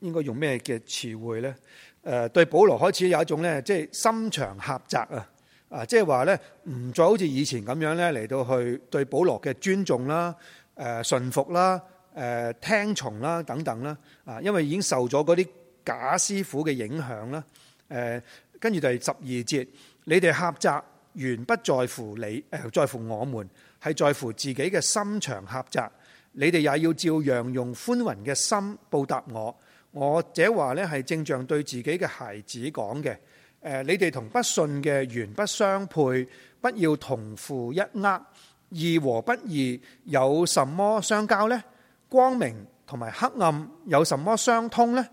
應該用咩嘅詞彙咧？誒、呃、對保羅開始有一種咧，即係心腸狹窄啊！啊，即係話咧唔再好似以前咁樣咧嚟到去對保羅嘅尊重啦、啊、誒、呃、順服啦、啊、誒、呃、聽從啦、啊、等等啦啊，因為已經受咗嗰啲。假師傅嘅影響啦，誒、嗯，跟住第係十二節，你哋狹窄，原不在乎你，誒、呃，在乎我們係在乎自己嘅心腸狹窄，你哋也要照樣用寬宏嘅心報答我。我這話咧係正像對自己嘅孩子講嘅，誒、嗯，你哋同不信嘅原不相配，不要同負一軛，義和不義，有什麼相交呢？光明同埋黑暗有什麼相通呢？」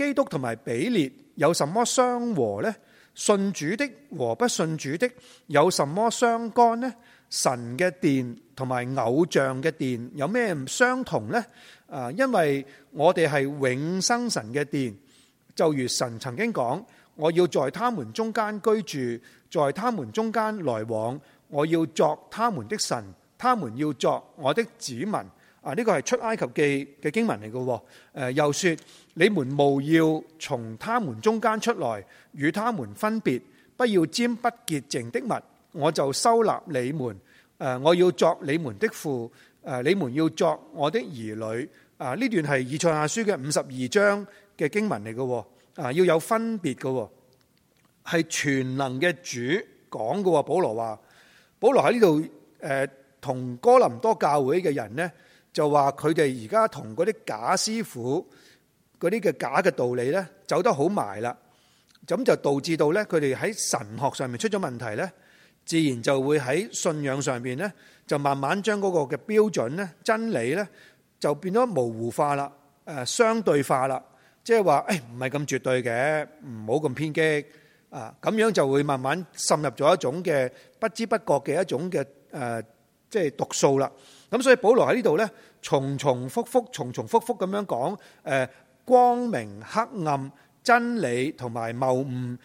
基督同埋比列有什麼相和呢？信主的和不信主的有什麼相干呢？神嘅殿同埋偶像嘅殿有咩唔相同呢？啊，因為我哋係永生神嘅殿，就如神曾經講，我要在他們中間居住，在他們中間來往，我要作他們的神，他們要作我的子民。啊，呢個係出埃及記嘅經文嚟嘅。誒，又說。你們務要從他們中間出來，與他們分別，不要沾不潔淨的物，我就收納你們。誒，我要作你們的父，誒，你們要作我的兒女。啊，呢段係以賽亞書嘅五十二章嘅經文嚟嘅，啊，要有分別嘅，係全能嘅主講嘅。保羅話，保羅喺呢度，誒、呃，同哥林多教會嘅人呢，就話佢哋而家同嗰啲假師傅。嗰啲嘅假嘅道理咧，走得好埋啦，咁就導致到咧，佢哋喺神學上面出咗問題咧，自然就會喺信仰上邊咧，就慢慢將嗰個嘅標準咧、真理咧，就變咗模糊化啦、誒相對化啦，即係話誒唔係咁絕對嘅，唔好咁偏激啊，咁樣就會慢慢滲入咗一種嘅不知不覺嘅一種嘅誒，即係毒素啦。咁所以保羅喺呢度咧，重重復複、重重復複咁樣講誒。光明黑暗、真理同埋謬誤，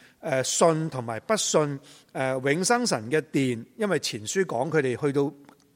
誒信同埋不信，誒永生神嘅殿。因為前書講佢哋去到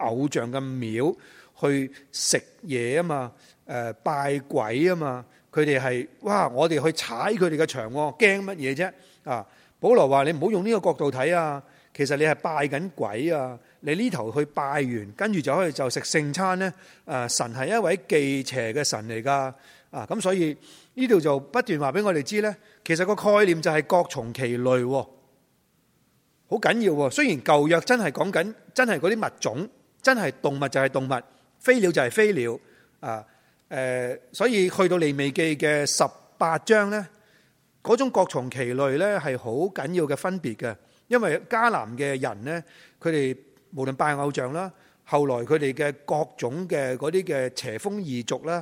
偶像嘅廟去食嘢啊嘛，誒拜鬼啊嘛，佢哋係哇，我哋去踩佢哋嘅牆喎，驚乜嘢啫？啊，保羅話你唔好用呢個角度睇啊，其實你係拜緊鬼啊，你呢頭去拜完，跟住就可以就食聖餐咧。誒，神係一位忌邪嘅神嚟噶。啊，咁所以呢度就不斷話俾我哋知咧，其實個概念就係各從其類，好緊要喎。雖然舊約真係講緊，真係嗰啲物種，真係動物就係動物，飛鳥就係飛鳥。啊，誒、呃，所以去到利未記嘅十八章咧，嗰種各從其類咧係好緊要嘅分別嘅，因為迦南嘅人咧，佢哋無論拜偶像啦，後來佢哋嘅各種嘅嗰啲嘅邪風異俗啦。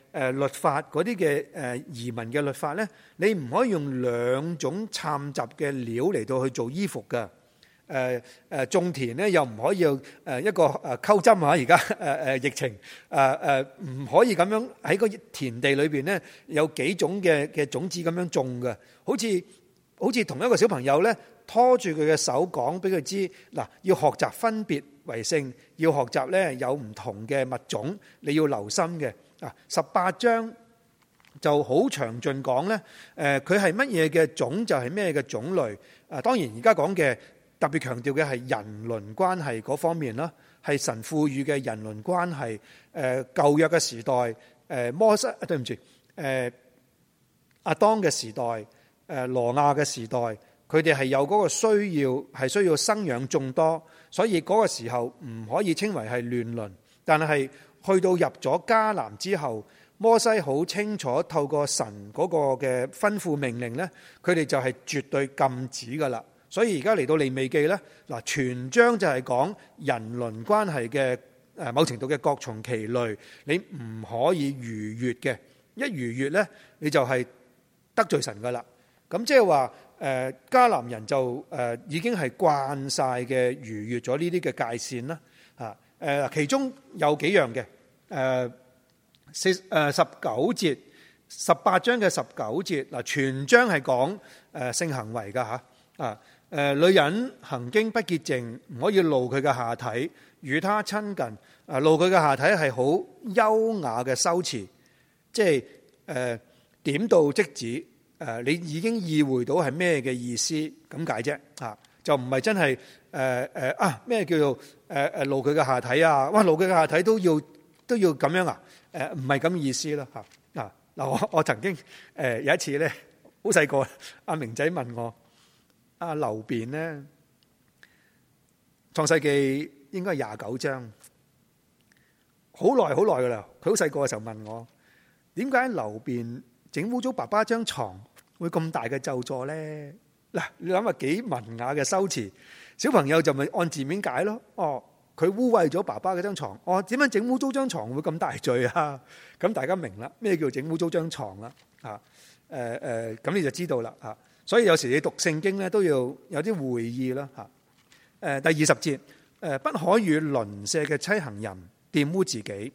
誒律法嗰啲嘅誒移民嘅律法咧，你唔可以用兩種摻雜嘅料嚟到去做衣服㗎。誒誒種田咧又唔可以誒一個誒溝針嚇而家誒誒疫情誒誒唔可以咁樣喺個田地裏邊咧有幾種嘅嘅種子咁樣種㗎，好似好似同一個小朋友咧拖住佢嘅手講俾佢知，嗱要學習分別為聖，要學習咧有唔同嘅物種，你要留心嘅。啊，十八章就好詳盡講呢，誒，佢係乜嘢嘅種就係咩嘅種類。啊，當然而家講嘅特別強調嘅係人倫關係嗰方面啦，係神賦予嘅人倫關係。誒，舊約嘅時代，誒摩西，對唔住，誒阿當嘅時代，誒挪亞嘅時代，佢哋係有嗰個需要，係需要生養眾多，所以嗰個時候唔可以稱為係亂倫，但係，去到入咗迦南之後，摩西好清楚透過神嗰個嘅吩咐命令呢，佢哋就係絕對禁止噶啦。所以而家嚟到利未記呢，嗱全章就係講人倫關係嘅誒某程度嘅各從其類，你唔可以逾越嘅。一逾越呢，你就係得罪神噶啦。咁即係話誒迦南人就誒已經係慣晒嘅逾越咗呢啲嘅界線啦。誒，其中有幾樣嘅，誒四誒十九節，十八章嘅十九節，嗱全章係講誒性行為嘅吓，啊誒女人行經不潔淨，唔可以露佢嘅下體，與她親近，啊露佢嘅下體係好優雅嘅修辭，即係誒點到即止，誒你已經意會到係咩嘅意思咁解啫，啊就唔係真係。誒、呃、誒啊咩叫做誒誒、呃、露佢嘅下體啊？哇露佢嘅下體都要都要咁樣啊？誒唔係咁意思啦吓嗱，我我曾經誒、呃、有一次咧好細個，阿、啊、明仔問我阿流便咧創世紀應該係廿九章，好耐好耐噶啦，佢好細個嘅時候問我點解流便整污糟爸爸張床會咁大嘅咒詛咧？嗱、啊、你諗下幾文雅嘅修辭。小朋友就咪按字面解咯。哦，佢污穢咗爸爸嗰張床，哦，點樣整污糟張床會咁大罪啊？咁大家明啦，咩叫整污糟張床啦？啊、呃，誒、呃、誒，咁你就知道啦，所以有時你讀聖經咧都要有啲會意啦，吓，誒，第二十節，誒、呃，不可與鄰舍嘅妻行淫玷污自己，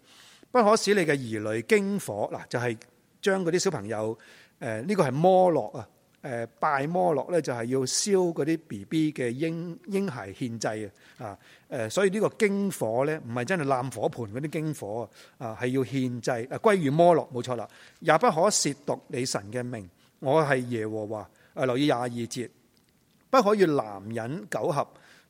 不可使你嘅兒女經火，嗱，就係、是、將嗰啲小朋友，誒、呃，呢、這個係摩洛啊。誒拜摩洛咧，就係要燒嗰啲 B B 嘅嬰嬰孩獻祭啊！誒，所以呢個經火咧，唔係真係爛火盆嗰啲經火啊，係要獻祭啊，歸於摩洛冇錯啦，也不可褻瀆你神嘅名。我係耶和華。誒，留意廿二節，不可與男人苟合，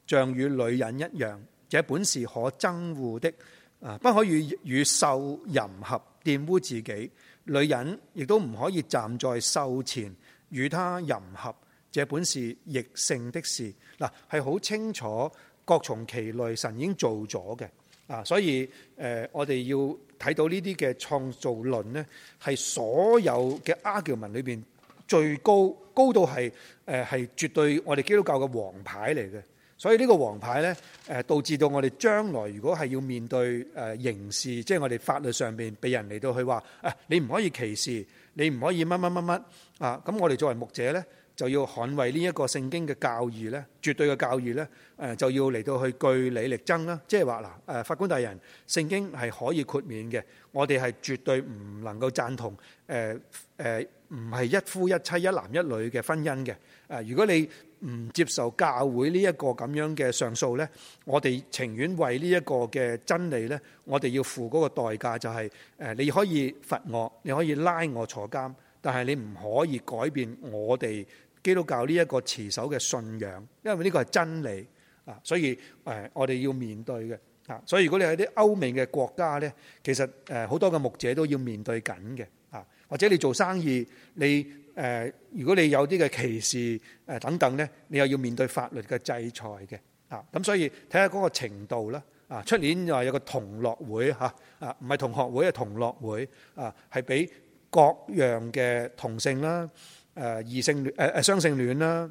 像與女人一樣，這本是可憎惡的啊！不可以與獸淫合，玷污自己。女人亦都唔可以站在獸前。與他淫合，這本是逆性的事。嗱，係好清楚，各從其類，神已經做咗嘅。嗱，所以誒，我哋要睇到呢啲嘅創造論呢係所有嘅 argument 裏邊最高，高到係誒係絕對我哋基督教嘅王牌嚟嘅。所以呢個王牌呢，誒導致到我哋將來如果係要面對誒刑事，即係我哋法律上邊，俾人嚟到去話，誒你唔可以歧視。你唔可以乜乜乜乜啊！咁我哋作為牧者咧，就要捍衞呢一個聖經嘅教義咧，絕對嘅教義咧，誒就要嚟到去據理力爭啦。即係話嗱，誒法官大人，聖經係可以豁免嘅，我哋係絕對唔能夠贊同，誒誒唔係一夫一妻一男一女嘅婚姻嘅。誒如果你唔接受教會呢一個咁樣嘅上訴咧，我哋情願為呢一個嘅真理咧，我哋要付嗰個代價就係、是、誒你可以罰我，你可以拉我坐監，但係你唔可以改變我哋基督教呢一個持守嘅信仰，因為呢個係真理啊，所以誒我哋要面對嘅啊，所以如果你喺啲歐美嘅國家咧，其實誒好多嘅牧者都要面對緊嘅啊，或者你做生意你。誒，如果你有啲嘅歧視誒等等呢，你又要面對法律嘅制裁嘅啊，咁所以睇下嗰個程度啦啊，出年就話有個同樂會嚇啊，唔係同學會啊，是同樂會啊，係俾各樣嘅同性啦、誒異性戀、誒誒雙性戀啦、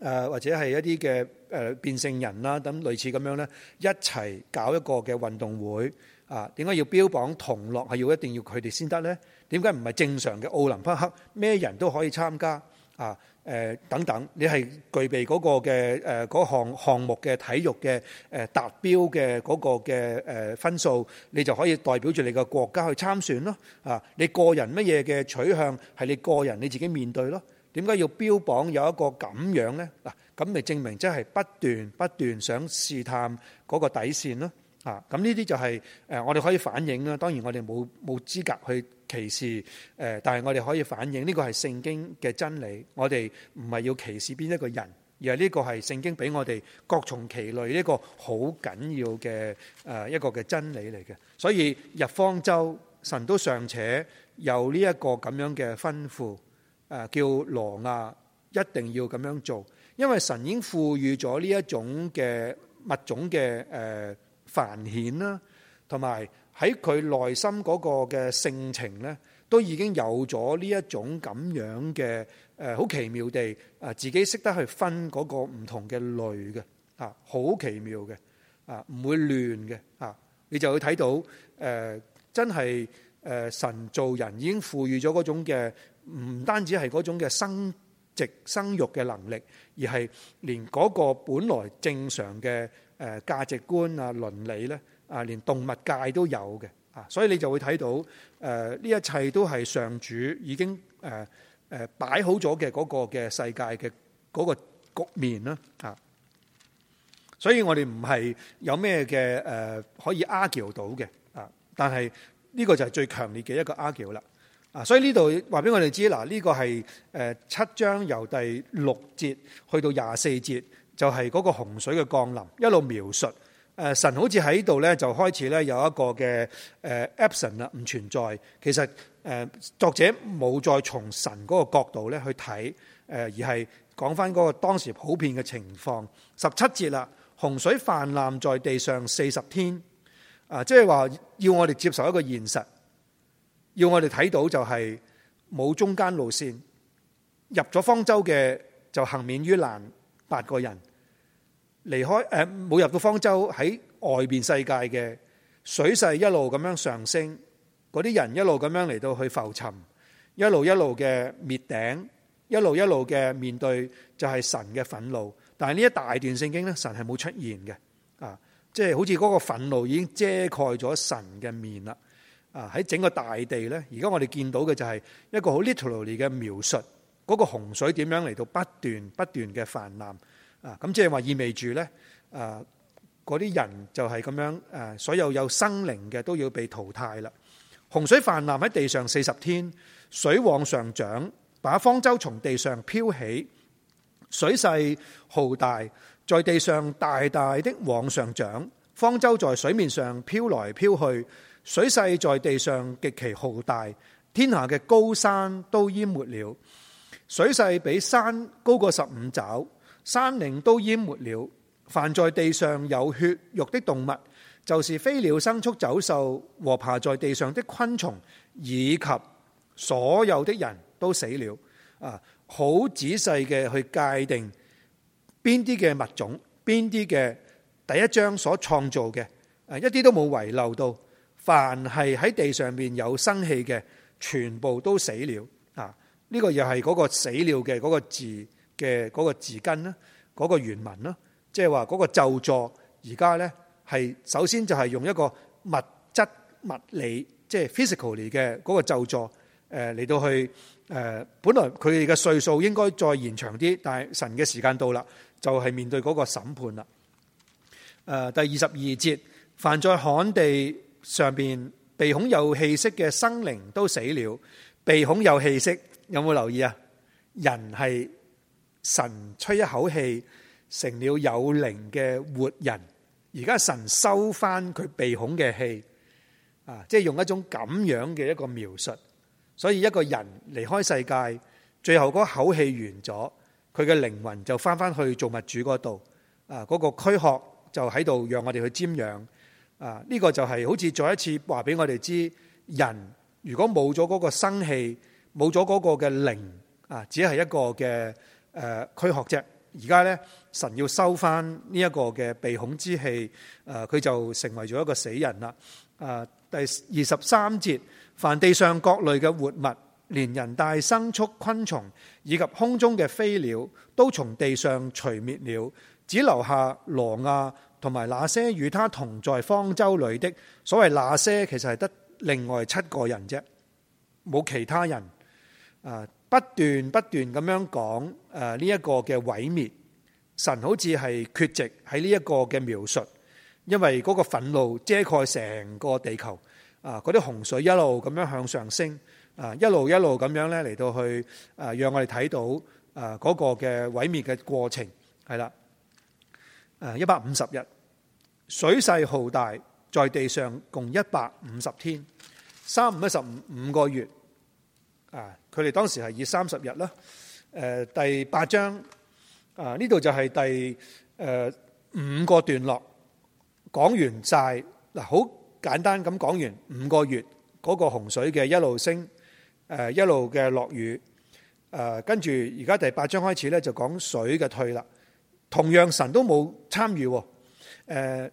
誒或者係一啲嘅誒變性人啦，等類似咁樣呢，一齊搞一個嘅運動會啊，點解要標榜同樂係要一定要佢哋先得呢？點解唔係正常嘅奧林匹克咩人都可以參加啊？誒等等，你係具備嗰個嘅誒嗰項項目嘅體育嘅誒達標嘅嗰個嘅誒分數，你就可以代表住你嘅國家去參選咯。啊，你個人乜嘢嘅取向係你個人你自己面對咯。點解要標榜有一個咁樣咧？嗱，咁咪證明即係不斷不斷想試探嗰個底線咯。啊，咁呢啲就係誒我哋可以反映啦。當然我哋冇冇資格去。歧視誒，但係我哋可以反映呢個係聖經嘅真理。我哋唔係要歧視邊一個人，而係呢個係聖經俾我哋各從其類呢個好緊要嘅誒一個嘅真理嚟嘅。所以入方舟，神都尚且有呢一個咁樣嘅吩咐，誒叫挪亞，一定要咁樣做，因為神已經賦予咗呢一種嘅物種嘅誒繁衍啦，同埋。喺佢內心嗰個嘅性情呢，都已經有咗呢一種咁樣嘅誒，好奇妙地啊，自己識得去分嗰個唔同嘅類嘅啊，好奇妙嘅啊，唔會亂嘅啊，你就會睇到誒，真係誒神造人已經賦予咗嗰種嘅唔單止係嗰種嘅生殖生育嘅能力，而係連嗰個本來正常嘅誒價值觀啊，倫理呢。啊，連動物界都有嘅啊，所以你就會睇到誒呢、呃、一切都係上主已經誒誒擺好咗嘅嗰個嘅世界嘅嗰個局面啦啊！所以我哋唔係有咩嘅誒可以 argue 到嘅啊，但係呢個就係最強烈嘅一個 argue 啦啊！所以呢度話俾我哋知嗱，呢、啊這個係誒、呃、七章由第六節去到廿四節，就係、是、嗰個洪水嘅降臨一路描述。誒神好似喺度咧，就開始咧有一個嘅誒 absent 啦，唔存在。其實誒作者冇再從神嗰個角度咧去睇，誒而係講翻嗰個當時普遍嘅情況。十七節啦，洪水泛濫在地上四十天，啊，即係話要我哋接受一個現實，要我哋睇到就係冇中間路線，入咗方舟嘅就幸免於難，八個人。離開誒，冇入到方舟，喺外邊世界嘅水勢一路咁樣上升，嗰啲人一路咁樣嚟到去浮沉，一路一路嘅滅頂，一路一路嘅面對就係神嘅憤怒。但係呢一大段聖經咧，神係冇出現嘅啊，即係好似嗰個憤怒已經遮蓋咗神嘅面啦。啊，喺整個大地咧，而家我哋見到嘅就係一個好 literally 嘅描述，嗰個洪水點樣嚟到不斷不斷嘅泛濫。啊！咁即係話意味住呢，嗰啲人就係咁樣，所有有生靈嘅都要被淘汰啦。洪水泛濫喺地上四十天，水往上漲，把方舟從地上漂起。水勢浩大，在地上大大的往上漲。方舟在水面上漂來漂去，水勢在地上極其浩大，天下嘅高山都淹沒了。水勢比山高過十五肘。山嶺都淹沒了，凡在地上有血肉的動物，就是飛鳥、牲畜、走獸和爬在地上的昆蟲，以及所有的人都死了。啊，好仔細嘅去界定邊啲嘅物種，邊啲嘅第一章所創造嘅，啊一啲都冇遺漏到。凡係喺地上面有生氣嘅，全部都死了。啊，呢個又係嗰個死了嘅嗰個字。嘅嗰個字根啦，嗰、那個原文啦，即係話嗰個咒詛而家呢，係首先就係用一個物質物理，即、就、係、是、physical 嚟嘅嗰個咒詛，誒嚟到去誒，本來佢哋嘅歲數應該再延長啲，但係神嘅時間到啦，就係、是、面對嗰個審判啦。誒、呃，第二十二節，凡在旱地上邊鼻孔有氣息嘅生靈都死了，鼻孔有氣息，有冇留意啊？人係。神吹一口氣，成了有靈嘅活人。而家神收翻佢鼻孔嘅氣，啊，即係用一種咁樣嘅一個描述。所以一個人離開世界，最後嗰口氣完咗，佢嘅靈魂就翻翻去造物主嗰度。啊，嗰個軀殼就喺度讓我哋去瞻仰。啊，呢個就係好似再一次話俾我哋知，人如果冇咗嗰個生氣，冇咗嗰個嘅靈，啊，只係一個嘅。誒、呃、佢學而家呢，神要收翻呢一個嘅鼻孔之氣，誒、呃、佢就成為咗一個死人啦，呃。第二十三節，凡地上各類嘅活物，連人帶牲畜、昆蟲以及空中嘅飛鳥，都從地上除滅了，只留下挪亞，同埋那些與他同在方舟裏的。所謂那些其實係得另外七個人啫，冇其他人啊。呃不斷不斷咁樣講，誒呢一個嘅毀滅，神好似係缺席喺呢一個嘅描述，因為嗰個憤怒遮蓋成個地球，啊嗰啲洪水一路咁樣向上升，啊一路一路咁樣咧嚟到去，誒讓我哋睇到誒嗰個嘅毀滅嘅過程，係啦，誒一百五十日，水勢浩大，在地上共一百五十天，三五一十五，五個月。啊！佢哋當時係以三十日啦。誒、呃、第八章啊，呢度就係第誒、呃、五個段落講完晒。嗱，好簡單咁講完五個月嗰、那個洪水嘅一路升誒、呃，一路嘅落雨誒，跟住而家第八章開始咧就講水嘅退啦。同樣神都冇參與。誒、呃、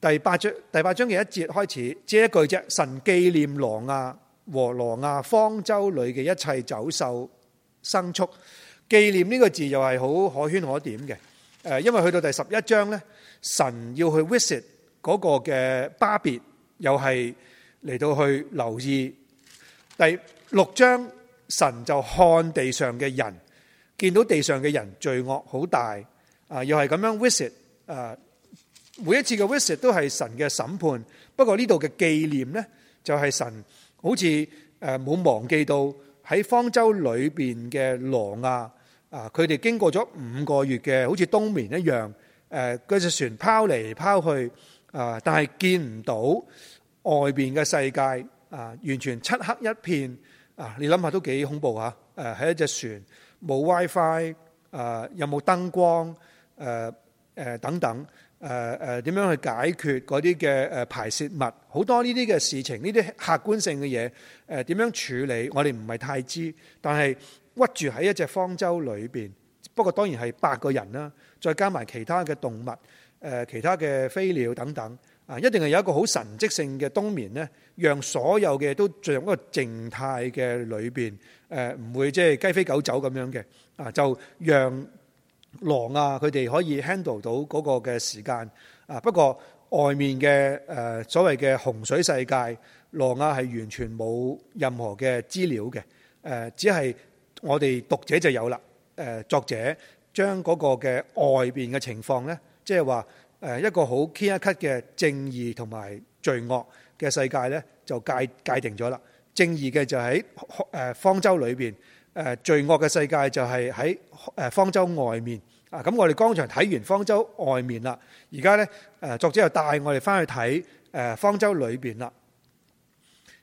第，第八章第八章嘅一節開始，只一句啫，神紀念挪亞啊！和挪亞方舟裏嘅一切走獸牲畜，紀念呢個字又係好可圈可點嘅。誒，因為去到第十一章呢，神要去 visit 嗰個嘅巴別，又係嚟到去留意第六章，神就看地上嘅人，見到地上嘅人罪惡好大，啊，又係咁樣 visit，每一次嘅 visit 都係神嘅審判。不過呢度嘅紀念呢，就係神。好似誒冇忘記到喺方舟裏邊嘅挪亞啊啊，佢哋經過咗五個月嘅，好似冬眠一樣。誒嗰隻船拋嚟拋去啊，但係見唔到外邊嘅世界啊，完全漆黑一片啊！你諗下都幾恐怖啊誒，係一隻船冇 WiFi 啊，有冇燈光誒誒等等。誒誒點樣去解決嗰啲嘅誒排泄物？好多呢啲嘅事情，呢啲客觀性嘅嘢，誒、呃、點樣處理？我哋唔係太知，但係屈住喺一隻方舟裏邊。不過當然係八個人啦，再加埋其他嘅動物、誒、呃、其他嘅飛鳥等等啊，一定係有一個好神蹟性嘅冬眠呢、啊、讓所有嘅都進入一個靜態嘅裏邊，誒、啊、唔會即係雞飛狗走咁樣嘅啊，就讓。挪亞，佢哋可以 handle 到嗰個嘅時間啊。不過外面嘅誒所謂嘅洪水世界，挪亞係完全冇任何嘅資料嘅。誒，只係我哋讀者就有啦。誒，作者將嗰個嘅外邊嘅情況咧，即係話誒一個好尖一級嘅正義同埋罪惡嘅世界咧，就界界定咗啦。正義嘅就喺誒方舟裏邊。誒罪惡嘅世界就係喺誒方舟外面啊！咁我哋剛才睇完方舟外面啦，而家呢，誒作者又帶我哋翻去睇誒方舟裏邊啦。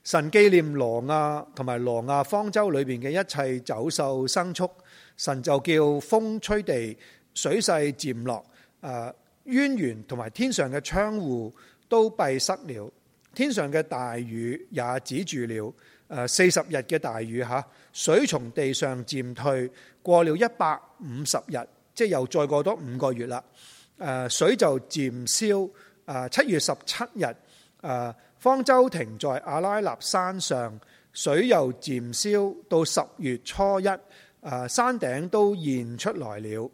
神紀念挪亞，同埋挪亞，方舟裏邊嘅一切走獸牲畜，神就叫風吹地，水勢漸落，誒淵源同埋天上嘅窗戶都閉塞了，天上嘅大雨也止住了。誒，四十日嘅大雨吓，水從地上漸退，過了一百五十日，即係又再過多五個月啦。誒，水就漸消。誒，七月十七日，誒，方舟停在阿拉納山上，水又漸消到十月初一，誒，山頂都現出來了。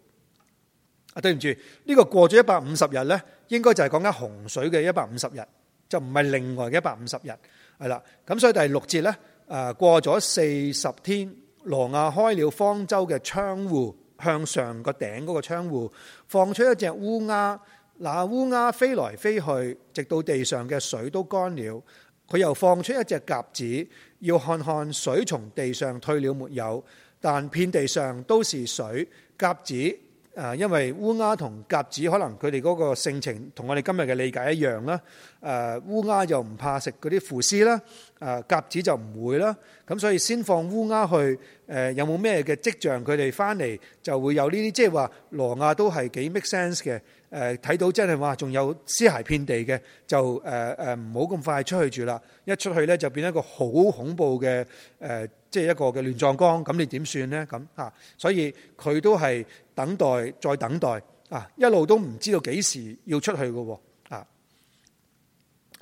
啊，對唔住，呢個過咗一百五十日呢，應該就係講緊洪水嘅一百五十日，就唔係另外嘅一百五十日。係啦，咁所以第六節呢，誒，過咗四十天，挪亞開了方舟嘅窗戶向上個頂嗰個窗戶，放出一隻烏鴉。那烏鴉飛來飛去，直到地上嘅水都乾了，佢又放出一隻鴿子，要看看水從地上退了沒有。但遍地上都是水，鴿子。誒，因為烏鴉同鴿子可能佢哋嗰個性情同我哋今日嘅理解一樣啦。誒，烏鴉就唔怕食嗰啲腐屍啦。誒，鴿子就唔會啦。咁所以先放烏鴉去。誒，有冇咩嘅跡象？佢哋翻嚟就會有呢啲，即係話挪亞，都係幾 make sense 嘅。誒睇到真係話，仲有屍骸遍地嘅，就誒誒唔好咁快出去住啦！一出去咧就變一個好恐怖嘅誒，即係一個嘅亂葬崗，咁你點算呢？咁啊，所以佢都係等待再等待啊，一路都唔知道幾時要出去嘅喎啊！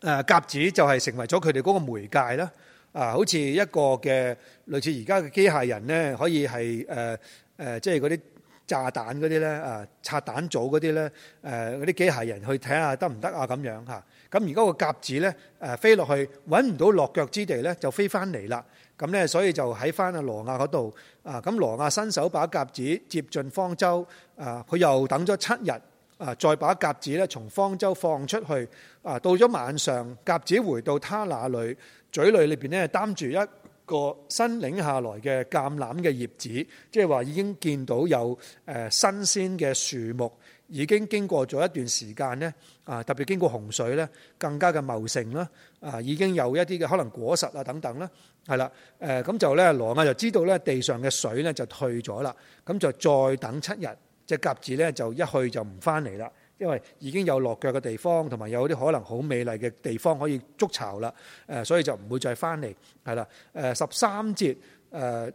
誒鴿子就係成為咗佢哋嗰個媒介啦啊，好似一個嘅類似而家嘅機械人呢，可以係誒誒，即係嗰啲。炸彈嗰啲咧，啊，拆彈組嗰啲咧，誒，嗰啲機械人去睇下得唔得啊？咁樣吓，咁而家個鴿子咧，誒，飛落去揾唔到落腳之地咧，就飛翻嚟啦。咁咧，所以就喺翻阿挪亞嗰度啊。咁挪亞伸手把鴿子接進方舟啊。佢又等咗七日啊，再把鴿子咧從方舟放出去啊。到咗晚上，鴿子回到他那裏，嘴裏裏邊咧擔住一。個新擰下來嘅橄欖嘅葉子，即係話已經見到有誒新鮮嘅樹木，已經經過咗一段時間呢，啊特別經過洪水呢，更加嘅茂盛啦，啊已經有一啲嘅可能果實啊等等啦，係啦，誒、呃、咁就呢挪亞就知道呢地上嘅水呢就退咗啦，咁就再等七日，隻鴿子呢就一去就唔翻嚟啦。因為已經有落腳嘅地方，同埋有啲可能好美麗嘅地方可以築巢啦。誒，所以就唔會再翻嚟係啦。誒，十三節誒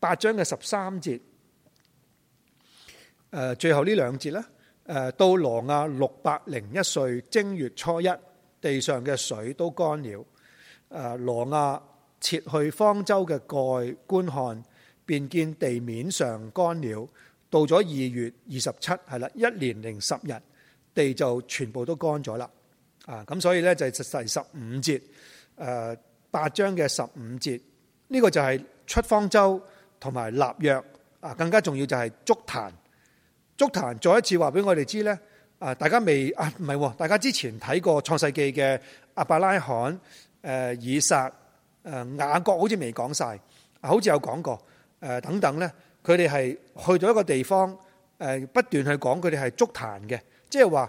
八章嘅十三節誒，最後呢兩節呢，誒，到挪亞六百零一歲正月初一，地上嘅水都乾了。誒，挪亞撤去方舟嘅蓋觀看，便見地面上乾了。到咗二月二十七係啦，一年零十日。地就全部都乾咗啦，啊咁，所以呢，就係實係十五節，誒八章嘅十五節呢，這個就係出方舟同埋立約啊，更加重要就係築壇築壇。再一次話俾我哋知呢，啊大家未啊唔係，啊，大家之前睇過創世記嘅阿伯拉罕、誒以撒、誒雅各好像說，好似未講晒，好似有講過誒等等呢，佢哋係去到一個地方，誒不斷去講佢哋係築壇嘅。即係話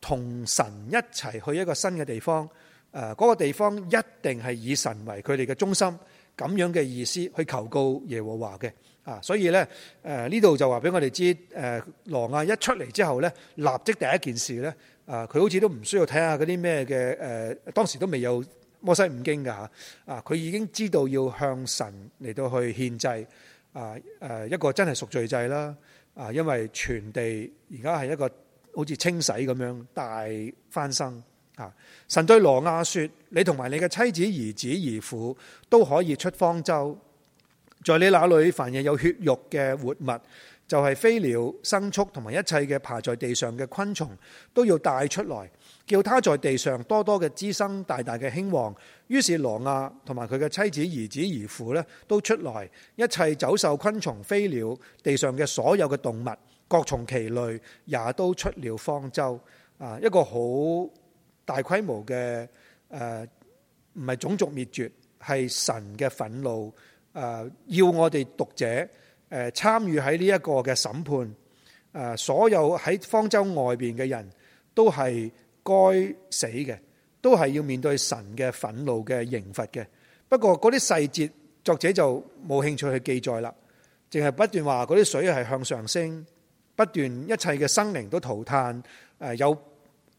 同神一齊去一個新嘅地方，誒、呃，嗰、那個地方一定係以神為佢哋嘅中心，咁樣嘅意思去求告耶和華嘅，啊，所以咧，誒呢度就話俾我哋知道，誒、呃，挪亞一出嚟之後咧，立即第一件事咧，啊、呃，佢好似都唔需要睇下嗰啲咩嘅，誒、呃，當時都未有摩西五經噶吓，啊，佢已經知道要向神嚟到去獻祭，啊，誒、呃，一個真係贖罪祭啦，啊，因為全地而家係一個。好似清洗咁樣大翻生啊！神對挪亞說：你同埋你嘅妻子、兒子、兒婦都可以出方舟。在你那裏凡係有血肉嘅活物，就係飛鳥、牲畜同埋一切嘅爬在地上嘅昆蟲，都要帶出來，叫它在地上多多嘅滋生，大大嘅興旺。於是挪亞同埋佢嘅妻子、兒子、兒婦咧，都出來，一切走獸、昆蟲、飛鳥、地上嘅所有嘅動物。各從其類，也都出了方舟。啊，一個好大規模嘅誒，唔、呃、係種族滅絕，係神嘅憤怒啊、呃，要我哋讀者誒參與喺呢一個嘅審判。誒、呃，所有喺方舟外邊嘅人都係該死嘅，都係要面對神嘅憤怒嘅刑罰嘅。不過嗰啲細節作者就冇興趣去記載啦，淨係不斷話嗰啲水係向上升。不斷一切嘅生靈都塗炭，誒有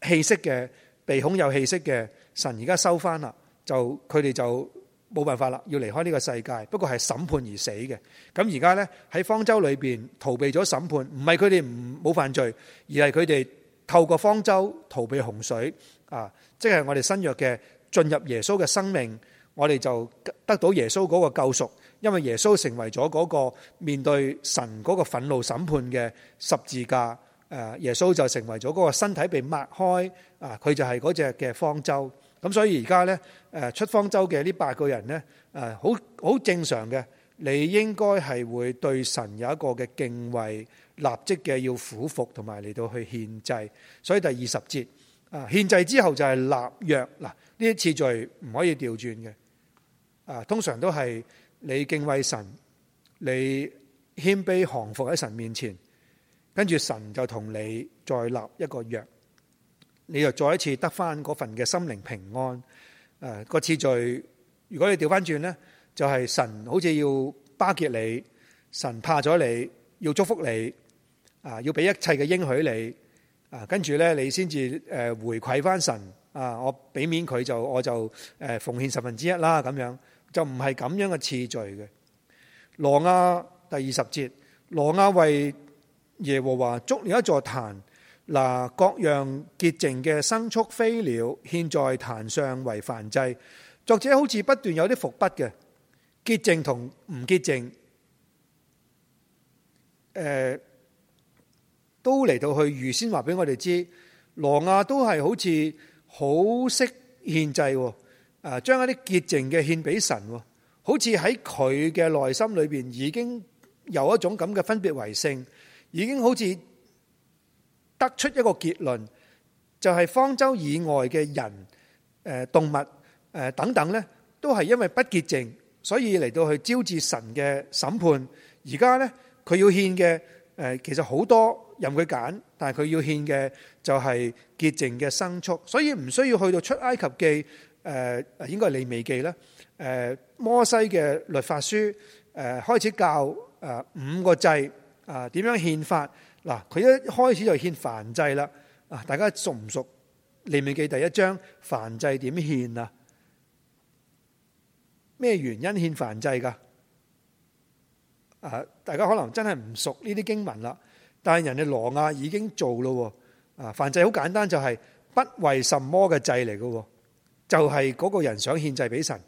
氣息嘅，鼻孔有氣息嘅，神而家收翻啦，就佢哋就冇辦法啦，要離開呢個世界。不過係審判而死嘅。咁而家呢，喺方舟裏邊逃避咗審判，唔係佢哋唔冇犯罪，而係佢哋透過方舟逃避洪水啊！即係我哋新約嘅進入耶穌嘅生命，我哋就得到耶穌嗰個救贖。因為耶穌成為咗嗰個面對神嗰個憤怒審判嘅十字架，誒，耶穌就成為咗嗰個身體被擘開，啊，佢就係嗰隻嘅方舟。咁所以而家呢，誒，出方舟嘅呢八個人呢，誒，好好正常嘅，你應該係會對神有一個嘅敬畏，立即嘅要俯伏同埋嚟到去獻祭。所以第二十節，啊，獻祭之後就係立約，嗱，呢一次序唔可以調轉嘅，啊，通常都係。你敬畏神，你謙卑降服喺神面前，跟住神就同你再立一個約，你就再一次得翻嗰份嘅心靈平安。誒、呃，個次序，如果你調翻轉咧，就係、是、神好似要巴結你，神怕咗你要祝福你，啊、呃，要俾一切嘅應許你，啊、呃，跟住咧你先至誒回饋翻神，啊、呃，我俾面佢就我就誒奉獻十分之一啦咁樣。就唔係咁樣嘅次序嘅。挪亞第二十節，挪亞為耶和華築了一座壇，嗱各樣潔淨嘅牲畜、飛鳥獻在壇上為燔祭。作者好似不斷有啲伏筆嘅，潔淨同唔潔淨，誒都嚟到去預先話俾我哋知，挪亞都係好似好識獻祭。啊，將一啲潔淨嘅獻俾神，好似喺佢嘅內心裏邊已經有一種咁嘅分別為聖，已經好似得出一個結論，就係、是、方舟以外嘅人、誒、呃、動物、誒、呃、等等咧，都係因為不潔淨，所以嚟到去招致神嘅審判。而家咧，佢要獻嘅誒、呃，其實好多任佢揀，但係佢要獻嘅就係潔淨嘅牲畜，所以唔需要去到出埃及記。誒應該利未記啦。誒，摩西嘅律法書，誒開始教誒五個祭啊，點樣獻法嗱？佢一開始就獻燔祭啦，啊！大家熟唔熟利未記第一章燔祭點獻啊？咩原因獻燔祭噶？啊！大家可能真係唔熟呢啲經文啦，但係人哋挪亞已經做咯喎，啊！燔祭好簡單，就係不為什麼嘅祭嚟嘅喎。就係、是、嗰個人想獻祭俾神，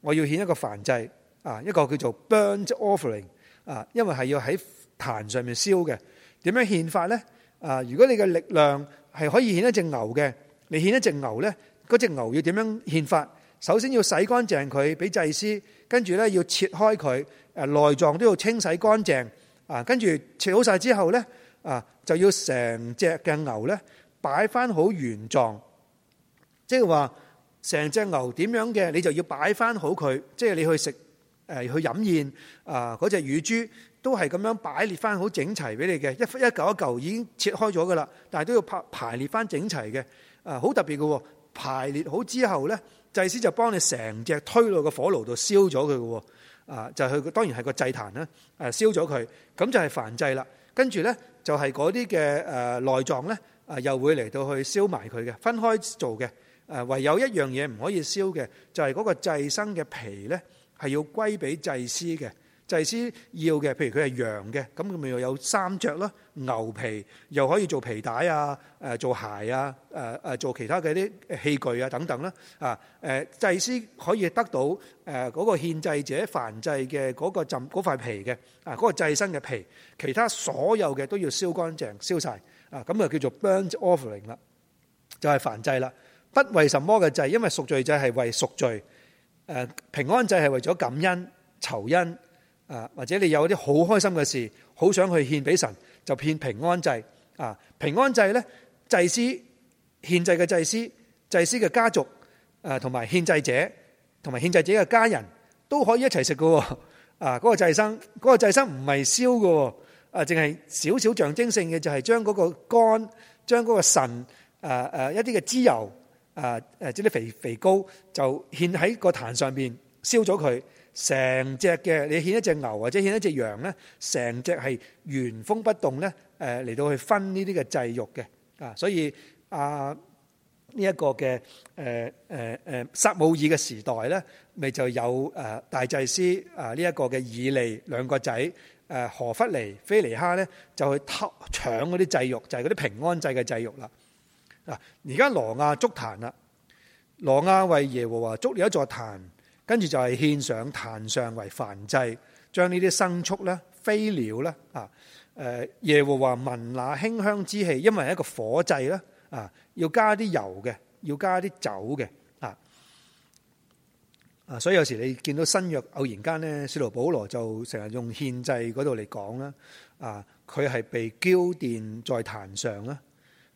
我要獻一個燔祭啊，一個叫做 burn offering 啊，因為係要喺壇上面燒嘅。點樣獻法呢？啊，如果你嘅力量係可以獻一隻牛嘅，你獻一隻牛呢，嗰隻牛要點樣獻法？首先要洗乾淨佢俾祭司，跟住呢，要切開佢，內臟都要清洗乾淨啊。跟住切好晒之後呢，啊就要成隻嘅牛呢，擺翻好原狀，即係話，成隻牛點樣嘅，你就要擺翻好佢，即係你去食誒、呃、去飲宴啊！嗰、呃、隻乳豬都係咁樣擺列翻好整齊俾你嘅，一塊一嚿一嚿已經切開咗噶啦，但係都要排排列翻整齊嘅啊！好、呃、特別嘅喎，排列好之後咧，祭司就幫你成隻推到個火爐度燒咗佢嘅喎啊！就去當然係個祭壇啦，誒、呃、燒咗佢，咁就係燔祭啦。跟住咧就係嗰啲嘅誒內臟咧，啊又會嚟到去燒埋佢嘅，分開做嘅。誒唯有一樣嘢唔可以燒嘅，就係嗰個祭牲嘅皮咧，係要歸俾祭司嘅。祭司要嘅，譬如佢係羊嘅，咁佢咪又有三隻咯。牛皮又可以做皮帶啊，誒做鞋啊，誒誒做其他嘅啲器具啊等等啦。啊誒祭司可以得到誒嗰個獻祭者燔祭嘅嗰個浸嗰塊皮嘅啊，嗰個祭牲嘅皮，其他所有嘅都要燒乾淨，燒晒啊，咁就叫做 burn offering 啦，就係燔祭啦。不為什麼嘅祭，因為贖罪祭係為贖罪，誒平安祭係為咗感恩、酬恩啊，或者你有啲好開心嘅事，好想去獻俾神，就獻平安祭啊。平安祭呢，祭司、獻祭嘅祭司、祭司嘅家族啊，同埋獻祭者，同埋獻祭者嘅家人都可以一齊食嘅喎啊！嗰個祭牲，嗰個祭牲唔係燒嘅，啊，淨係少少象徵性嘅，就係將嗰個肝、將嗰個腎、誒一啲嘅脂油。啊！誒，即啲肥肥膏就獻喺個壇上邊燒咗佢，成隻嘅你獻一隻牛或者獻一隻羊咧，成隻係原封不動咧。誒嚟到去分呢啲嘅祭肉嘅啊，所以啊呢一個嘅誒誒誒撒母耳嘅時代咧，咪就有誒大祭司啊呢一個嘅以利兩個仔誒何弗尼、菲尼哈咧，就去偷搶嗰啲祭肉，就係嗰啲平安祭嘅祭肉啦。嗱，而家挪亞築壇啦，挪亞為耶和華築了一座壇，跟住就係獻上壇上為燔祭，將呢啲牲畜咧、飛鳥咧，啊，誒耶和華聞那馨香之氣，因為係一個火祭咧，啊，要加啲油嘅，要加啲酒嘅，啊，啊，所以有時你見到新約偶然間呢，使徒保羅就成日用獻祭嗰度嚟講啦，啊，佢係被澆奠在壇上啦。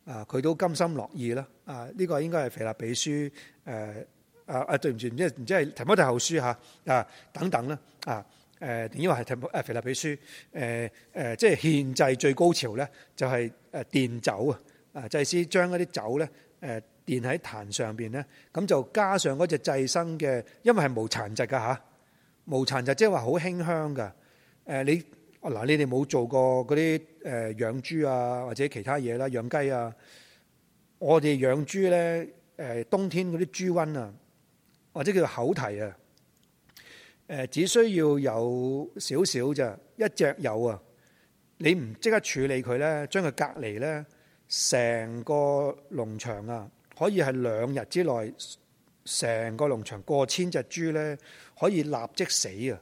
啊，佢都甘心樂意啦！啊，呢、這個應該係腓立比書誒啊啊！對唔住，唔知唔知係提摩太後書嚇啊等等啦啊，啊因為係腓立比書誒誒、啊啊，即係獻祭最高潮咧，就係、是、誒奠酒啊！將酒啊，祭司將嗰啲酒咧誒奠喺壇上面咧，咁、啊、就加上嗰隻祭牲嘅，因為係無殘疾嘅嚇、啊，無殘疾即係話好馨香嘅嗱，你哋冇做過嗰啲誒養豬啊，或者其他嘢啦，養雞啊。我哋養豬咧，誒冬天嗰啲豬瘟啊，或者叫做口蹄啊，誒只需要有少少啫，一隻有啊，你唔即刻處理佢咧，將佢隔離咧，成個農場啊，可以係兩日之內，成個農場過千隻豬咧，可以立即死啊！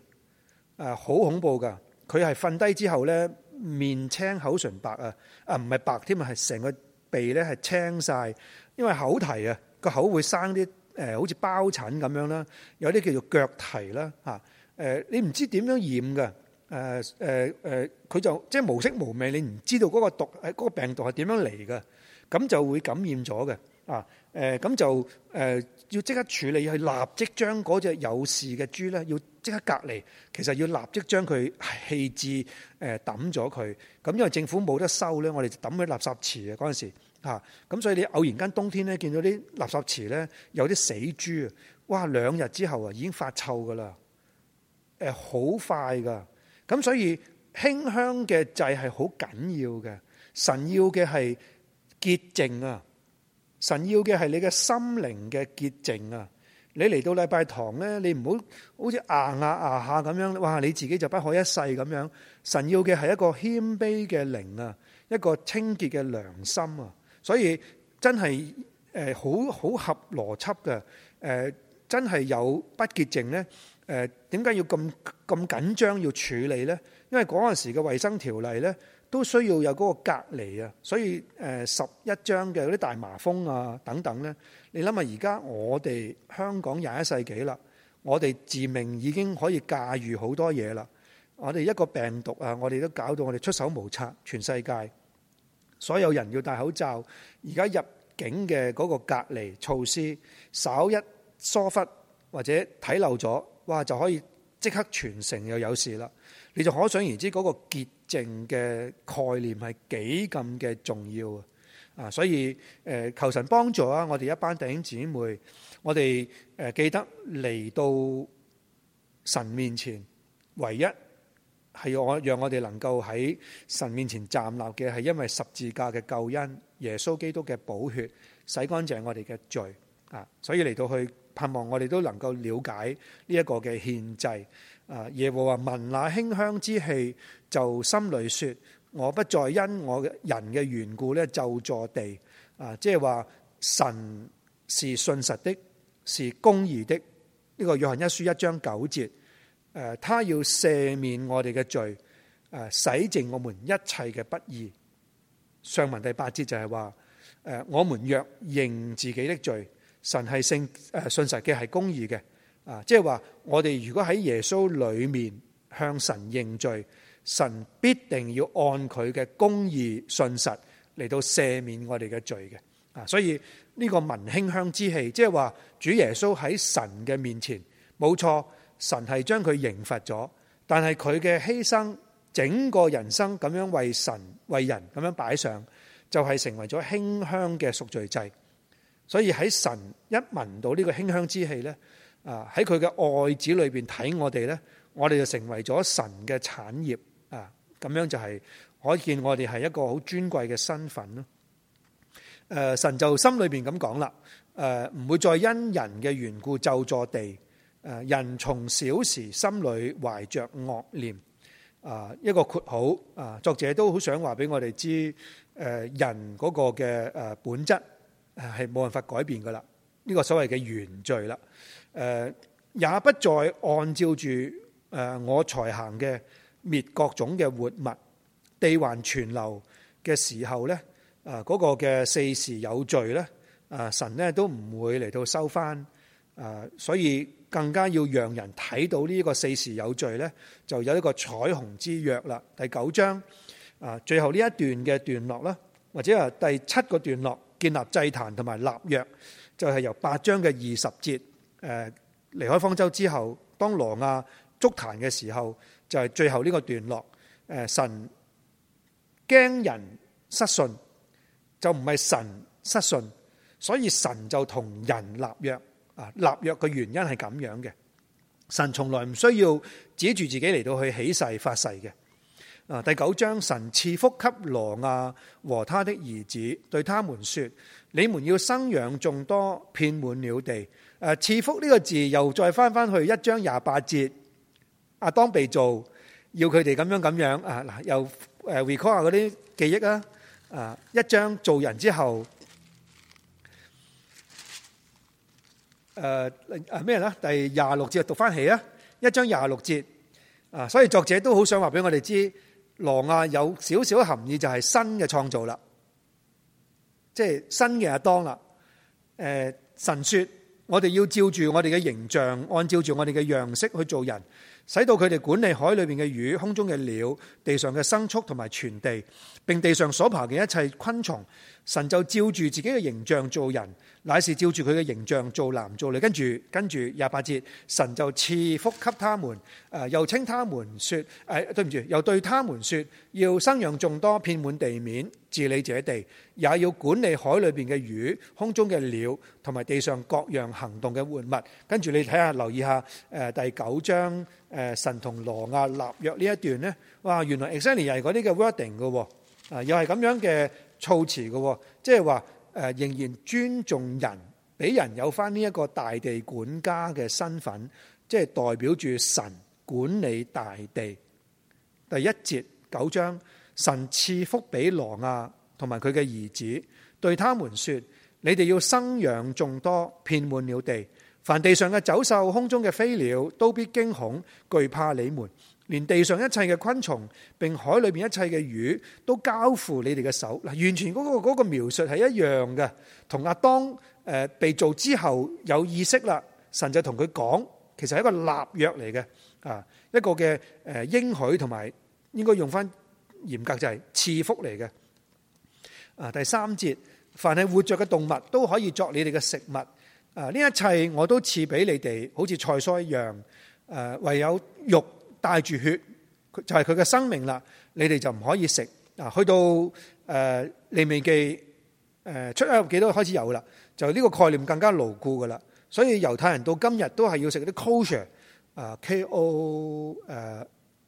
誒，好恐怖㗎～佢係瞓低之後咧，面青口唇白啊！啊，唔係白添啊，係成個鼻咧係青晒。因為口蹄啊，個口會生啲誒，好似包疹咁樣啦，有啲叫做腳蹄啦嚇。誒、啊，你唔知點樣染嘅，誒誒誒，佢、啊啊、就即係無色無味，你唔知道嗰個毒，誒、嗰、嗰、個、病毒係點樣嚟嘅，咁就會感染咗嘅啊！誒、啊，咁就誒要即刻處理，去立即將嗰隻有事嘅豬咧要。即刻隔離，其實要立即將佢棄置，誒抌咗佢。咁因為政府冇得收呢，我哋就抌喺垃圾池嘅嗰陣時，嚇。咁所以你偶然間冬天呢，見到啲垃圾池呢，有啲死豬啊，哇！兩日之後啊已經發臭噶啦，誒好快噶。咁所以馨香嘅祭係好緊要嘅，神要嘅係潔淨啊，神要嘅係你嘅心靈嘅潔淨啊。你嚟到禮拜堂咧，你唔好好似硬下硬下咁樣，哇！你自己就不可一世咁樣。神要嘅係一個謙卑嘅靈啊，一個清潔嘅良心啊。所以真係誒好好合邏輯嘅誒，真係有不潔淨咧誒？點解要咁咁緊張要處理咧？因為嗰陣時嘅衛生條例咧。都需要有嗰個隔離啊，所以誒十一章嘅嗰啲大麻風啊等等呢，你諗下而家我哋香港廿一世紀啦，我哋自命已經可以駕馭好多嘢啦，我哋一個病毒啊，我哋都搞到我哋出手無策，全世界所有人要戴口罩，而家入境嘅嗰個隔離措施稍一疏忽或者睇漏咗，哇，就可以即刻傳承又有事啦。你就可想而知嗰、那個潔淨嘅概念係幾咁嘅重要啊！啊，所以誒求神幫助啊！我哋一班弟兄姊妹，我哋誒記得嚟到神面前，唯一係要讓我哋能夠喺神面前站立嘅係因為十字架嘅救恩，耶穌基督嘅寶血洗乾淨我哋嘅罪啊！所以嚟到去盼望我哋都能夠了解呢一個嘅獻祭。啊！耶和華聞那馨香之氣，就心裏說：我不再因我嘅人嘅緣故咧就坐地。啊，即係話神是信實的，是公義的。呢個約翰一書一章九節，誒，他要赦免我哋嘅罪，誒，洗淨我們一切嘅不義。上文第八節就係話，誒，我們若認自己的罪，神係信誒信實嘅，係公義嘅。啊，即係話我哋如果喺耶穌裏面向神認罪，神必定要按佢嘅公義信實嚟到赦免我哋嘅罪嘅。啊，所以呢個聞馨香之氣，即係話主耶穌喺神嘅面前，冇錯，神係將佢刑罰咗，但係佢嘅犧牲整個人生咁樣為神為人咁樣擺上，就係成為咗馨香嘅贖罪祭。所以喺神一聞到呢個馨香之氣呢。啊！喺佢嘅愛子裏邊睇我哋呢，我哋就成為咗神嘅產業啊。咁樣就係可見我哋係一個好尊貴嘅身份咯。誒、呃，神就心裏邊咁講啦。誒、呃，唔會再因人嘅緣故就坐地。誒、呃，人從小時心裏懷着惡念啊、呃。一個括號啊、呃，作者都好想話俾我哋知，誒、呃，人嗰個嘅誒本質誒係冇辦法改變噶啦。呢、這個所謂嘅原罪啦。誒，也不再按照住我才行嘅滅各種嘅活物。地還存留嘅時候呢，誒、那、嗰個嘅四時有罪呢，神呢都唔會嚟到收翻，所以更加要讓人睇到呢個個四時有罪呢，就有一個彩虹之約啦。第九章啊，最後呢一段嘅段落啦，或者係第七個段落建立祭壇同埋立約，就係、是、由八章嘅二十節。誒，離開方舟之後，當挪亞築壇嘅時候，就係、是、最後呢個段落。誒，神驚人失信，就唔係神失信，所以神就同人立約啊。立約嘅原因係咁樣嘅，神從來唔需要指住自己嚟到去起誓發誓嘅。啊！第九章，神賜福給挪亞和他的兒子，對他們說：你們要生養眾多，遍滿了地。誒，賜福呢個字又再翻翻去一章廿八節。阿當被造，要佢哋咁樣咁樣啊！嗱，又誒 record 下嗰啲記憶啦。啊，一章做人之後，誒誒咩咧？第廿六節讀翻起啊！一章廿六節啊，所以作者都好想話俾我哋知。挪亞，有少少含義就係新嘅創造啦，即係新嘅阿當啦。誒、呃，神說：我哋要照住我哋嘅形象，按照住我哋嘅樣式去做人，使到佢哋管理海裏面嘅魚、空中嘅鳥、地上嘅牲畜同埋全地，並地上所爬嘅一切昆蟲。神就照住自己嘅形象做人。乃是照住佢嘅形象做男做女，跟住跟住廿八節，神就賜福給他們，誒，又稱他們說，誒，對唔住，又對他們說，要生養眾多，遍滿地面，治理這地，也要管理海裏邊嘅魚，空中嘅鳥，同埋地上各樣行動嘅活物。跟住你睇下，留意下，誒，第九章，誒，神同挪亞立約呢一段呢。哇，原來 e x c e 又係嗰啲嘅 wording 嘅，啊，又係咁樣嘅措辭嘅，即係話。誒，仍然尊重人，俾人有翻呢一個大地管家嘅身份，即係代表住神管理大地。第一節九章，神賜福俾挪亞，同埋佢嘅兒子，對他們説：你哋要生養眾多，遍滿了地。凡地上嘅走獸、空中嘅飛鳥，都必驚恐，懼怕你們。連地上一切嘅昆蟲，並海裏面一切嘅魚，都交付你哋嘅手，完全嗰個嗰個描述係一樣嘅。同亞當誒被造之後有意識啦，神就同佢講，其實係一個立約嚟嘅，啊一個嘅誒應許同埋，應該用翻嚴格就係賜福嚟嘅。啊第三節，凡係活着嘅動物都可以作你哋嘅食物。啊呢一切我都賜俾你哋，好似菜蔬一樣。誒唯有肉。帶住血，佢就係佢嘅生命啦。你哋就唔可以食啊！去到誒利未記誒出埃及記都開始有啦，就呢個概念更加牢固噶啦。所以猶太人到今日都係要食啲 kosher 啊，k o 誒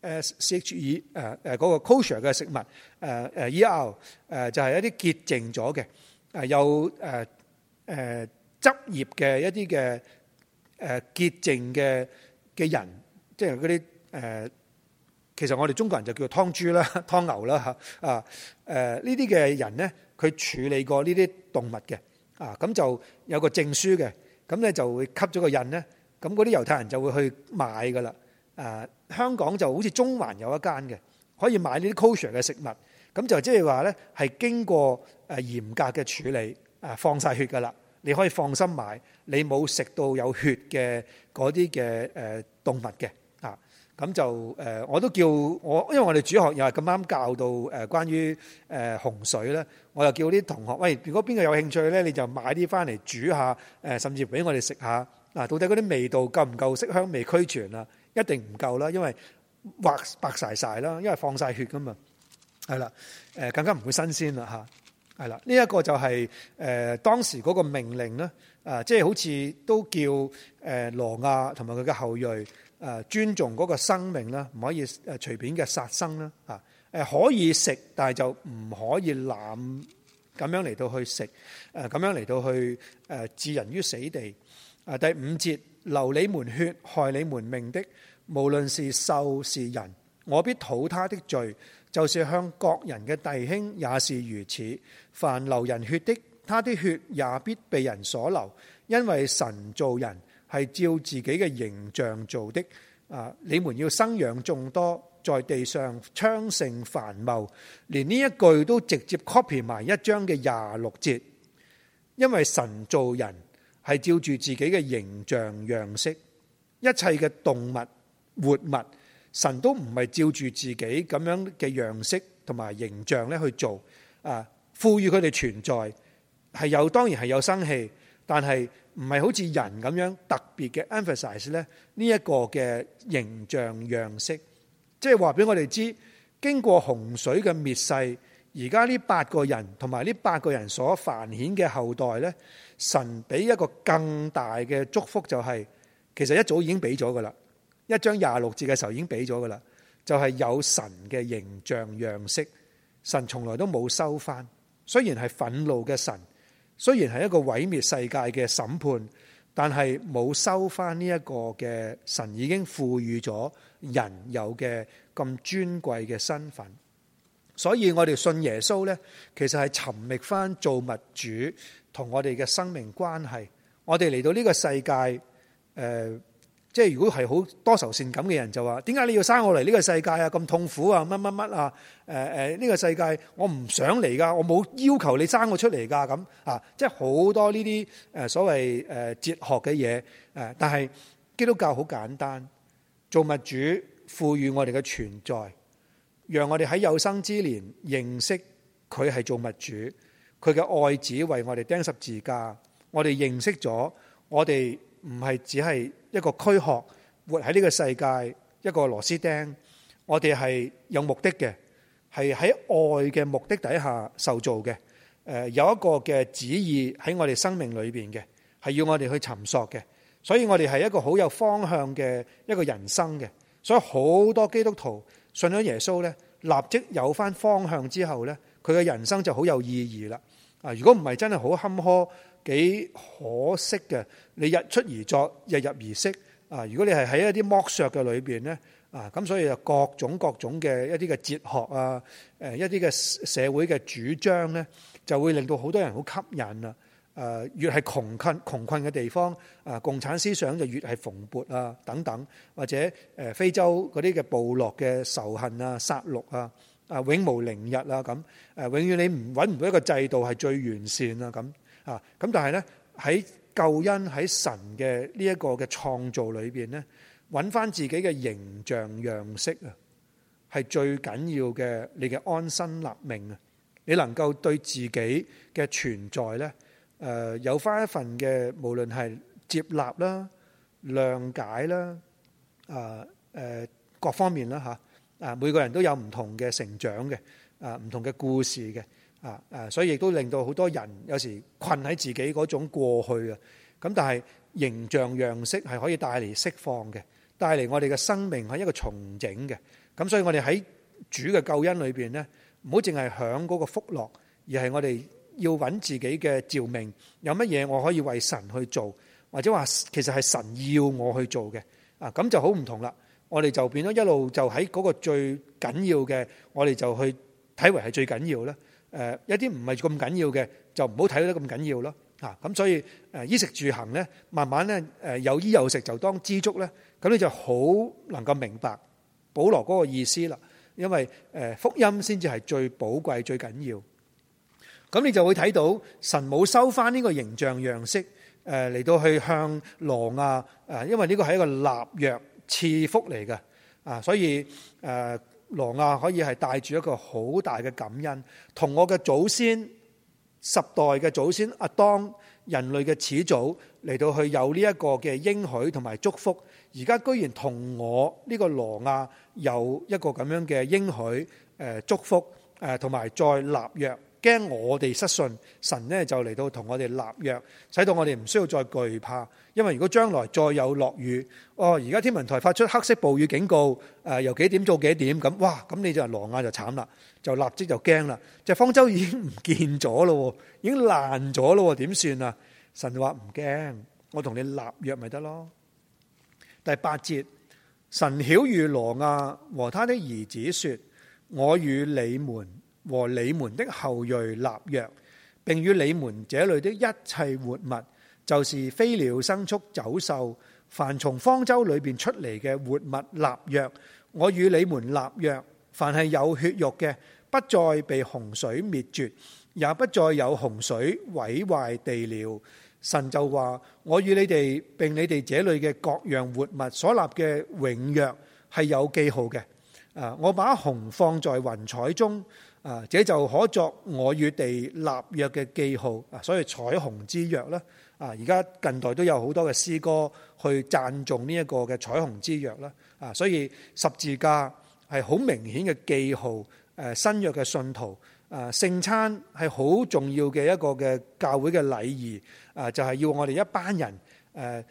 s h e 誒誒嗰個 kosher 嘅食物誒誒、啊、e r 誒、啊、就係、是、一啲潔淨咗嘅誒有誒誒、啊啊、執業嘅一啲嘅誒潔淨嘅嘅人，即係嗰啲。誒、呃，其實我哋中國人就叫做湯豬啦、湯牛啦嚇啊。誒呢啲嘅人呢，佢處理過呢啲動物嘅啊，咁就有個證書嘅，咁咧就會吸咗個印呢，咁嗰啲猶太人就會去買噶啦。啊，香港就好似中環有一間嘅，可以買呢啲 kosher 嘅食物，咁就即係話呢，係經過誒嚴格嘅處理啊，放晒血噶啦，你可以放心買，你冇食到有血嘅嗰啲嘅誒動物嘅。咁就、呃、我都叫我，因為我哋主學又係咁啱教到誒、呃，關於洪、呃、水咧，我又叫啲同學，喂，如果邊個有興趣咧，你就買啲翻嚟煮下、呃，甚至俾我哋食下。嗱、啊，到底嗰啲味道夠唔夠色香味俱全啊？一定唔夠啦，因為白白晒曬啦，因為放晒血噶嘛，係啦、呃呃，更加唔會新鮮啦係啦，呢、啊、一、這個就係、是、誒、呃、當時嗰個命令呢、呃，即係好似都叫、呃、挪亞同埋佢嘅後裔。誒尊重嗰個生命啦，唔可以誒隨便嘅殺生啦，嚇誒可以食，但係就唔可以濫咁樣嚟到去食，誒咁樣嚟到去誒置人於死地。誒第五節，流你們血，害你們命的，無論是獸是人，我必討他的罪；就是向各人嘅弟兄也是如此。凡流人血的，他的血也必被人所流，因為神造人。係照自己嘅形象做的啊！你們要生養眾多，在地上昌盛繁茂，連呢一句都直接 copy 埋一章嘅廿六節，因為神造人係照住自己嘅形象樣式，一切嘅動物活物，神都唔係照住自己咁樣嘅樣式同埋形象咧去做啊！賦予佢哋存在係有，當然係有生氣，但係。唔係好似人咁樣特別嘅 emphasize 咧，呢一個嘅形象樣式，即係話俾我哋知，經過洪水嘅滅世，而家呢八個人同埋呢八個人所繁衍嘅後代呢，神俾一個更大嘅祝福，就是，就係其實一早已經俾咗噶啦，一章廿六節嘅時候已經俾咗噶啦，就係、是、有神嘅形象樣式，神從來都冇收翻，雖然係憤怒嘅神。雖然係一個毀滅世界嘅審判，但係冇收翻呢一個嘅神已經賦予咗人有嘅咁尊貴嘅身份。所以，我哋信耶穌呢，其實係尋覓翻造物主同我哋嘅生命關係。我哋嚟到呢個世界，誒、呃。即係如果係好多愁善感嘅人就話，點解你要生我嚟呢個世界啊？咁痛苦啊！乜乜乜啊？誒誒，呢個世界我唔想嚟噶，我冇要求你生我出嚟噶。咁啊，即係好多呢啲誒所謂誒哲學嘅嘢誒，但係基督教好簡單，造物主賦予我哋嘅存在，讓我哋喺有生之年認識佢係造物主，佢嘅愛子為我哋釘十字架，我哋認識咗，我哋唔係只係。一個軀殼活喺呢個世界，一個螺絲釘。我哋係有目的嘅，係喺愛嘅目的底下受造嘅。誒，有一個嘅旨意喺我哋生命裏邊嘅，係要我哋去尋索嘅。所以我哋係一個好有方向嘅一個人生嘅。所以好多基督徒信咗耶穌呢，立即有返方向之後呢，佢嘅人生就好有意義啦。啊，如果唔係真係好坎坷。幾可惜嘅，你日出而作，日入而息啊！如果你係喺一啲剝削嘅裏邊呢，啊，咁所以就各種各種嘅一啲嘅哲學啊，誒、啊、一啲嘅社會嘅主張呢，就會令到好多人好吸引啊！誒、啊，越係窮困窮困嘅地方啊，共產思想就越係蓬勃啊！等等，或者誒、啊、非洲嗰啲嘅部落嘅仇恨啊、殺戮啊、啊永無寧日啊咁誒、啊，永遠你唔揾唔到一個制度係最完善啊咁。啊。啊，咁但係咧，喺救恩喺神嘅呢一個嘅創造裏邊咧，搵返自己嘅形象樣式啊，係最緊要嘅，你嘅安身立命啊，你能夠對自己嘅存在咧，誒，有返一份嘅無論係接納啦、諒解啦、啊誒各方面啦嚇，啊每個人都有唔同嘅成長嘅，啊唔同嘅故事嘅。啊！誒，所以亦都令到好多人有時困喺自己嗰種過去啊。咁但係形象樣式係可以帶嚟釋放嘅，帶嚟我哋嘅生命喺一個重整嘅。咁所以我哋喺主嘅救恩裏邊呢，唔好淨係享嗰個福樂，而係我哋要揾自己嘅召命。有乜嘢我可以為神去做，或者話其實係神要我去做嘅啊？咁就好唔同啦。我哋就變咗一路就喺嗰個最緊要嘅，我哋就去睇為係最緊要啦。誒一啲唔係咁緊要嘅，就唔好睇得咁緊要咯嚇。咁所以誒衣食住行咧，慢慢咧誒有衣有食就當知足咧。咁你就好能夠明白保羅嗰個意思啦。因為誒福音先至係最寶貴、最緊要。咁你就會睇到神冇收翻呢個形象樣式誒嚟到去向挪亞啊，因為呢個係一個納約賜福嚟嘅啊，所以誒。挪亞可以係帶住一個好大嘅感恩，同我嘅祖先十代嘅祖先亞當人類嘅始祖嚟到去有呢一個嘅應許同埋祝福，而家居然同我呢個挪亞有一個咁樣嘅應許誒祝福誒，同埋再立約。驚我哋失信，神咧就嚟到同我哋立約，使到我哋唔需要再懼怕。因為如果將來再有落雨，哦而家天文台發出黑色暴雨警告，誒、呃、由幾點到幾點咁，哇咁你就係挪亞就慘啦，就立即就驚啦。就是、方舟已經唔見咗咯，已經爛咗咯，點算啊？神話唔驚，我同你立約咪得咯。第八節，神曉諭挪亞和他的兒子說：我與你們。和你們的後裔立約，並與你們這裏的一切活物，就是飛鳥、牲畜、走獸，凡從方舟裏邊出嚟嘅活物立約。我與你們立約，凡係有血肉嘅，不再被洪水滅絕，也不再有洪水毀壞地了。神就話：我與你哋並你哋這裏嘅各樣活物所立嘅永約係有記號嘅。啊，我把虹放在雲彩中。啊！這就可作我與地立約嘅記號啊，所以彩虹之約啦！啊，而家近代都有好多嘅詩歌去讚頌呢一個嘅彩虹之約啦！啊，所以十字架係好明顯嘅記號。誒，新約嘅信徒啊，聖餐係好重要嘅一個嘅教會嘅禮儀啊，就係要我哋一班人誒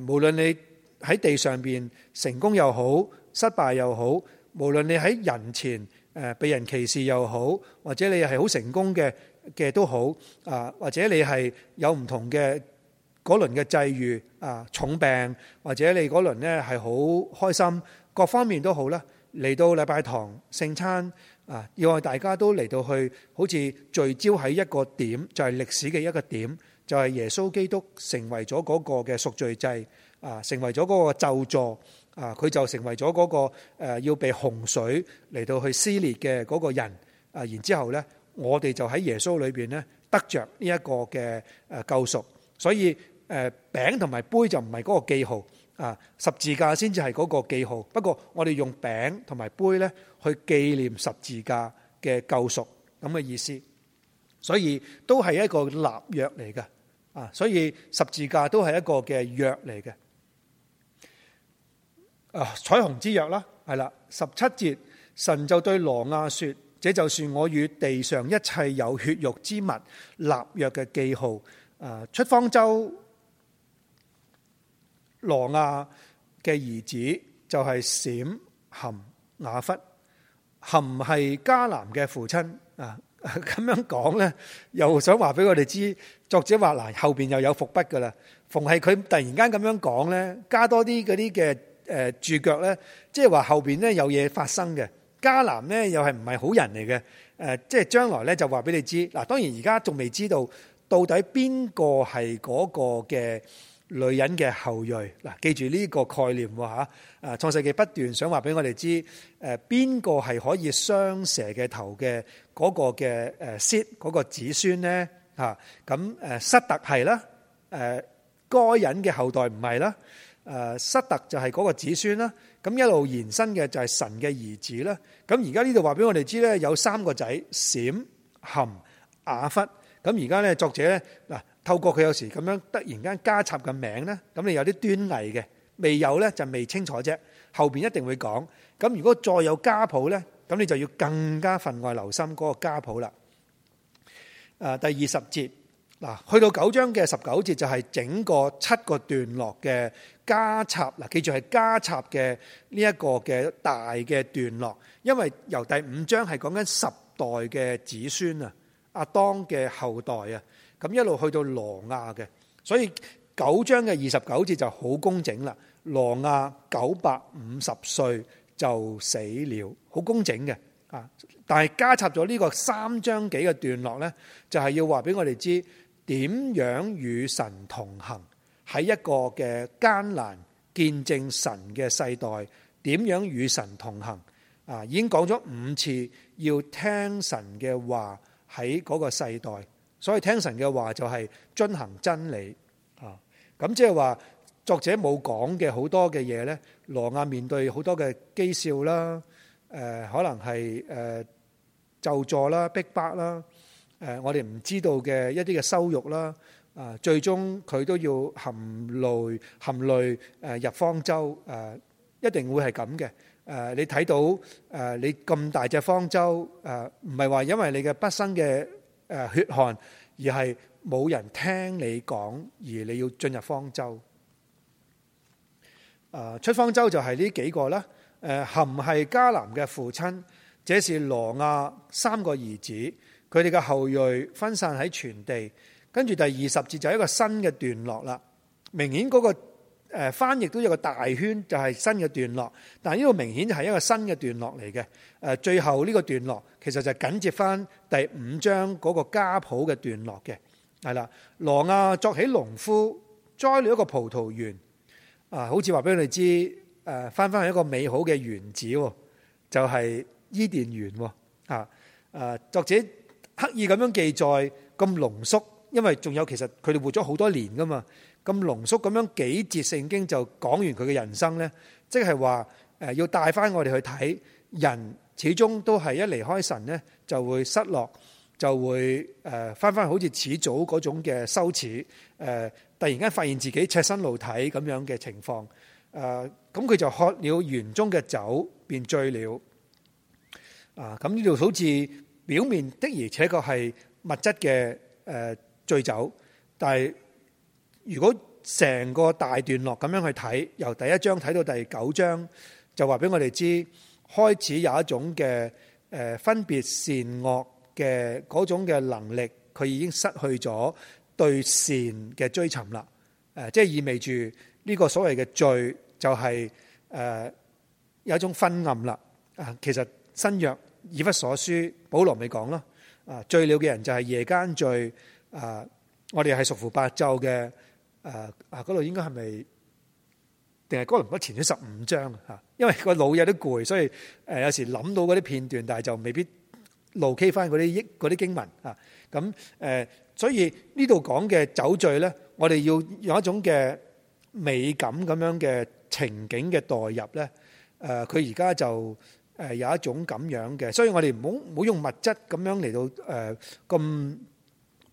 誒，無論你喺地上邊成功又好，失敗又好，無論你喺人前。誒被人歧視又好，或者你係好成功嘅嘅都好啊，或者你係有唔同嘅嗰輪嘅際遇啊，重病或者你嗰輪呢係好開心，各方面都好啦，嚟到禮拜堂聖餐啊，要大家都嚟到去，好似聚焦喺一個點，就係歷史嘅一個點，就係耶穌基督成為咗嗰個嘅贖罪祭啊，成為咗嗰個救贖。啊！佢就成為咗嗰個要被洪水嚟到去撕裂嘅嗰個人啊！然之後呢，我哋就喺耶穌裏邊呢得着呢一個嘅誒救贖。所以誒餅同埋杯就唔係嗰個記號啊，十字架先至係嗰個記號。不過我哋用餅同埋杯呢去紀念十字架嘅救贖咁嘅意思，所以都係一個立約嚟嘅啊！所以十字架都係一個嘅約嚟嘅。啊！彩虹之約啦，係啦，十七節，神就對挪亞說：這就是我與地上一切有血肉之物立約嘅記號。啊！出方舟，挪亞嘅兒子就係閃、含、雅弗，含係迦南嘅父親。啊，咁樣講呢，又想話俾我哋知，作者話嗱、啊、後邊又有伏筆噶啦。逢係佢突然間咁樣講呢，加多啲嗰啲嘅。誒住腳咧，即係話後邊咧有嘢發生嘅。迦南咧又係唔係好人嚟嘅？誒，即係將來咧就話俾你知。嗱，當然而家仲未知道到底邊個係嗰個嘅女人嘅後裔。嗱，記住呢個概念喎嚇。誒創世記不斷想話俾我哋知，誒邊個係可以傷蛇嘅頭嘅嗰個嘅誒 Seth 嗰個子孫咧嚇？咁誒，塞特係啦，誒該隱嘅後代唔係啦。誒，失特就係嗰個子孫啦，咁一路延伸嘅就係神嘅兒子啦。咁而家呢度話俾我哋知咧，有三個仔：閃、含、雅弗。咁而家咧，作者咧，嗱，透過佢有時咁樣突然間加插嘅名咧，咁你有啲端倪嘅，未有咧就未清楚啫。後邊一定會講。咁如果再有家譜咧，咁你就要更加分外留心嗰個家譜啦。誒、啊，第二十節。嗱，去到九章嘅十九節就係整個七個段落嘅加插啦。記住係加插嘅呢一個嘅大嘅段落，因為由第五章係講緊十代嘅子孫啊，阿當嘅後代啊，咁一路去到挪亞嘅，所以九章嘅二十九節就好工整啦。挪亞九百五十歲就死了，好工整嘅啊。但係加插咗呢個三章幾嘅段落呢，就係、是、要話俾我哋知。點樣與神同行？喺一個嘅艱難見證神嘅世代，點樣與神同行？啊，已經講咗五次，要聽神嘅話喺嗰個世代。所以聽神嘅話就係遵行真理啊。咁即係話作者冇講嘅好多嘅嘢呢，挪亞面對好多嘅譏笑啦，誒，可能係誒咒詛啦，逼迫啦。誒，我哋唔知道嘅一啲嘅羞辱啦，啊，最終佢都要含淚含淚誒入方舟，誒一定會係咁嘅。誒，你睇到誒你咁大隻方舟，誒唔係話因為你嘅畢生嘅誒血汗，而係冇人聽你講，而你要進入方舟。誒出方舟就係呢幾個啦。誒含係迦南嘅父親，這是挪亞三個兒子，佢哋嘅後裔分散喺全地，跟住第二十節就一個新嘅段落啦。明顯嗰個翻譯都有個大圈，就係新嘅段落。但係呢個明顯係一個新嘅段落嚟嘅。誒最後呢個段落其實就緊接翻第五章嗰個家譜嘅段落嘅，係啦。挪亞作起農夫，栽了一個葡萄園。啊，好似話俾你哋知，誒翻翻去一個美好嘅園子喎，就係伊甸園喎。啊，誒作者。刻意咁樣記載咁濃縮，因為仲有其實佢哋活咗好多年噶嘛，咁濃縮咁樣幾節聖經就講完佢嘅人生呢，即係話誒要帶翻我哋去睇，人始終都係一離開神呢就會失落，就會誒翻翻好似始祖嗰種嘅羞恥，誒突然間發現自己赤身露體咁樣嘅情況，誒咁佢就喝了園中嘅酒，便醉了。啊，咁呢度好似～表面的而且確係物質嘅誒醉酒，但係如果成個大段落咁樣去睇，由第一章睇到第九章，就話俾我哋知，開始有一種嘅誒分別善惡嘅嗰種嘅能力，佢已經失去咗對善嘅追尋啦。誒，即係意味住呢個所謂嘅罪，就係誒有一種昏暗啦。啊，其實新約。以弗所書，保羅咪講咯？啊，醉了嘅人就係夜間醉。啊，我哋係屬乎白晝嘅。啊啊，嗰度應該係咪？定係哥林多前書十五章啊？因為個腦有啲攰，所以誒、啊、有時諗到嗰啲片段，但係就未必路 K 翻嗰啲嗰啲經文啊。咁、啊、誒，所以呢度講嘅酒醉咧，我哋要有一種嘅美感咁樣嘅情景嘅代入咧。誒、啊，佢而家就。誒有一種咁樣嘅，所以我哋唔好唔好用物質咁樣嚟到誒咁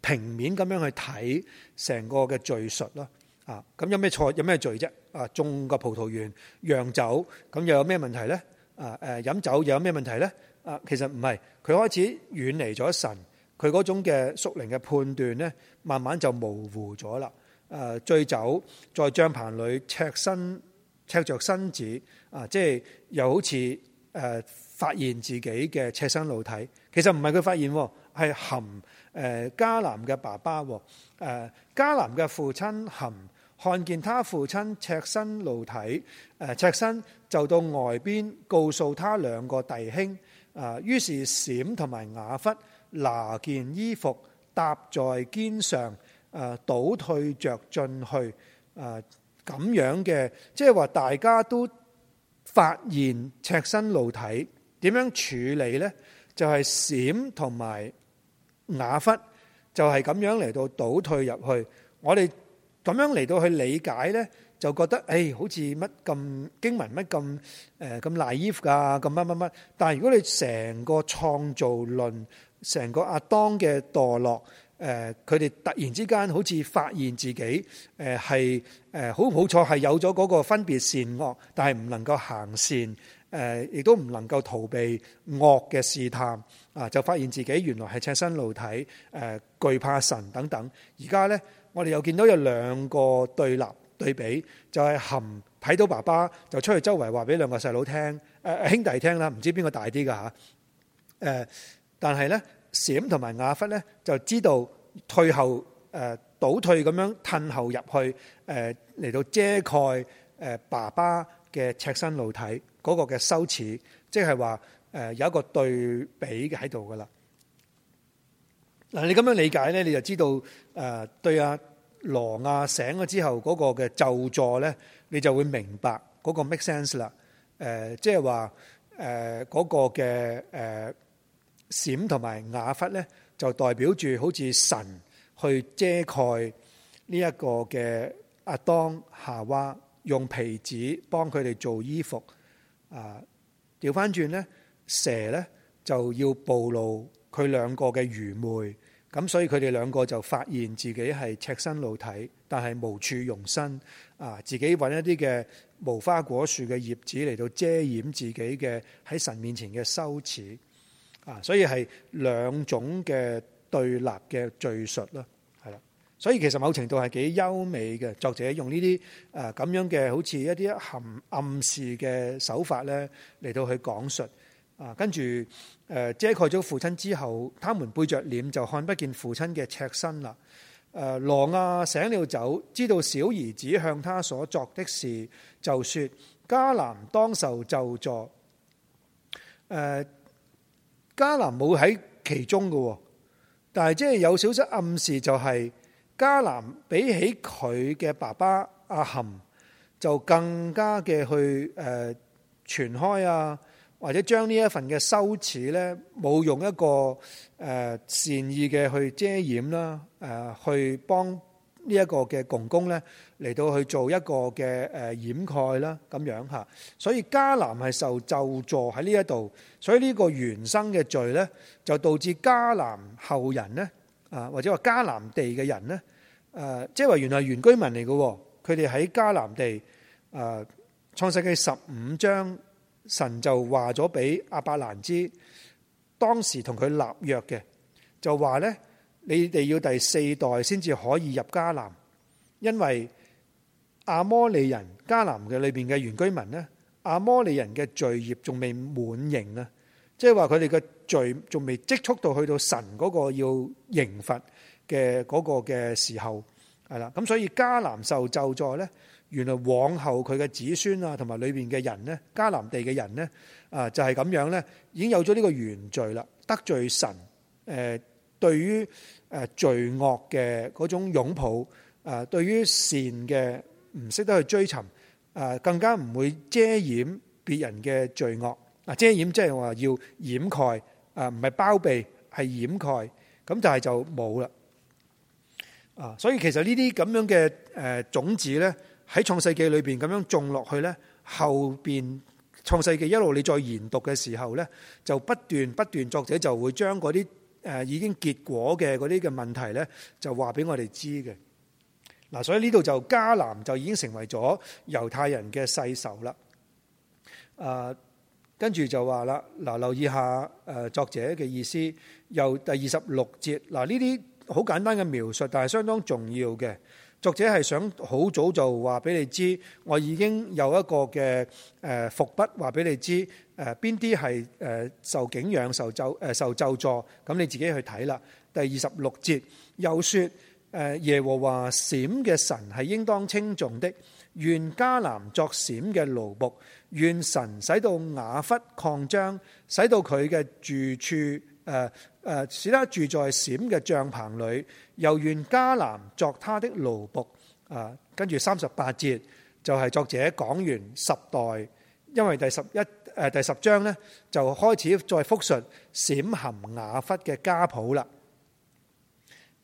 平面咁樣去睇成個嘅敘述咯。啊，咁有咩錯？有咩罪啫？啊，種個葡萄園釀酒，咁又有咩問題咧？啊誒，飲酒又有咩問題咧？啊，其實唔係，佢開始遠離咗神，佢嗰種嘅屬靈嘅判斷咧，慢慢就模糊咗啦。誒，醉酒在帳棚裏赤身赤著身子，啊，即係又好似。誒、呃、發現自己嘅赤身露體，其實唔係佢發現的，係含誒迦、呃、南嘅爸爸，誒、呃、迦南嘅父親含看見他父親赤身露體，誒、呃、赤身就到外邊告訴他兩個弟兄，啊、呃，於是閃同埋雅弗拿件衣服搭在肩上，誒、呃、倒退着進去，誒、呃、咁樣嘅，即係話大家都。發現赤身露體點樣處理呢？就係閃同埋雅弗，就係咁樣嚟到倒退入去。我哋咁樣嚟到去理解呢，就覺得誒、哎、好似乜咁經文乜咁誒咁 naive 噶，咁乜乜乜。但係如果你成個創造論，成個阿當嘅墮落。誒、呃，佢哋突然之間好似發現自己，誒係誒好唔好錯，係有咗嗰個分別善惡，但係唔能夠行善，誒、呃、亦都唔能夠逃避惡嘅試探啊、呃！就發現自己原來係赤身露體，誒、呃，懼怕神等等。而家呢，我哋又見到有兩個對立對比，就係、是、含睇到爸爸就出去周圍話俾兩個細佬聽，誒、呃、兄弟聽啦，唔知邊個大啲噶嚇？誒、呃，但係呢。閃同埋雅弗咧，就知道退後、誒倒退咁樣褪後入去，誒嚟到遮蓋誒爸爸嘅赤身露體嗰個嘅羞恥，即係話誒有一個對比喺度㗎喇。嗱，你咁樣理解咧，你就知道誒對挪亞醒咗之後嗰個嘅咒詛咧，你就會明白嗰個 make sense 啦。誒，即係話誒嗰個嘅誒。閃同埋雅弗咧，就代表住好似神去遮蓋呢一個嘅亞當夏娃，用皮子幫佢哋做衣服。啊，調翻轉咧，蛇咧就要暴露佢兩個嘅愚昧，咁所以佢哋兩個就發現自己係赤身露體，但係無處容身。啊，自己揾一啲嘅無花果樹嘅葉子嚟到遮掩自己嘅喺神面前嘅羞恥。啊，所以係兩種嘅對立嘅敘述啦，係啦，所以其實某程度係幾優美嘅。作者用呢啲誒咁樣嘅好似一啲含暗示嘅手法咧，嚟到去講述啊，跟住誒遮蓋咗父親之後，他們背著臉就看不見父親嘅赤身啦。誒、呃，挪亞、啊、醒了酒，知道小兒子向他所作的事，就説：迦南當受咒詛。呃」誒。迦南冇喺其中嘅，但係即係有少少暗示，就係迦南比起佢嘅爸爸阿含，就更加嘅去誒傳開啊，或者將呢一份嘅羞恥咧，冇用一個誒善意嘅去遮掩啦，誒去幫。這個、公公呢一個嘅共工咧，嚟到去做一個嘅誒掩蓋啦，咁樣吓，所以迦南係受咒詛喺呢一度，所以呢個原生嘅罪咧，就導致迦南後人咧啊，或者話迦南地嘅人咧，誒、呃，即係話原來原居民嚟嘅，佢哋喺迦南地誒創世記十五章，神就話咗俾亞伯蘭知，當時同佢立約嘅，就話咧。你哋要第四代先至可以入迦南，因為阿摩利人，迦南嘅裏邊嘅原居民呢，阿摩利人嘅罪孽仲未滿盈啊，即係話佢哋嘅罪仲未積蓄到去到神嗰個要刑罰嘅嗰個嘅時候係啦，咁所以迦南受咒詛呢，原來往後佢嘅子孫啊，同埋裏邊嘅人呢，迦南地嘅人呢，啊就係、是、咁樣呢，已經有咗呢個原罪啦，得罪神誒對於。誒罪惡嘅嗰種擁抱，誒對於善嘅唔識得去追尋，誒更加唔會遮掩別人嘅罪惡。啊，遮掩即係話要掩蓋，誒唔係包庇，係掩蓋。咁就係就冇啦。啊，所以其實呢啲咁樣嘅誒種子咧，喺創世記裏邊咁樣種落去咧，後邊創世記一路你再研讀嘅時候咧，就不斷不斷，作者就會將嗰啲。誒已經結果嘅嗰啲嘅問題呢，就話俾我哋知嘅。嗱，所以呢度就迦南就已經成為咗猶太人嘅世仇啦。誒，跟住就話啦，嗱，留意下誒作者嘅意思，由第二十六節，嗱呢啲好簡單嘅描述，但係相當重要嘅。作者係想好早就話俾你知，我已經有一個嘅誒伏筆話俾你知，誒邊啲係誒受景仰、受就誒受咒詛，咁你自己去睇啦。第二十六節又説：誒耶和華閃嘅神係應當稱頌的，願迦南作閃嘅奴僕，願神使到雅弗擴張，使到佢嘅住處誒。誒，使他住在閃嘅帳棚裏，又願迦南作他的奴僕。啊，跟住三十八節就係、是、作者講完十代，因為第十一誒、啊、第十章呢，就開始再復述閃含雅弗嘅家譜啦。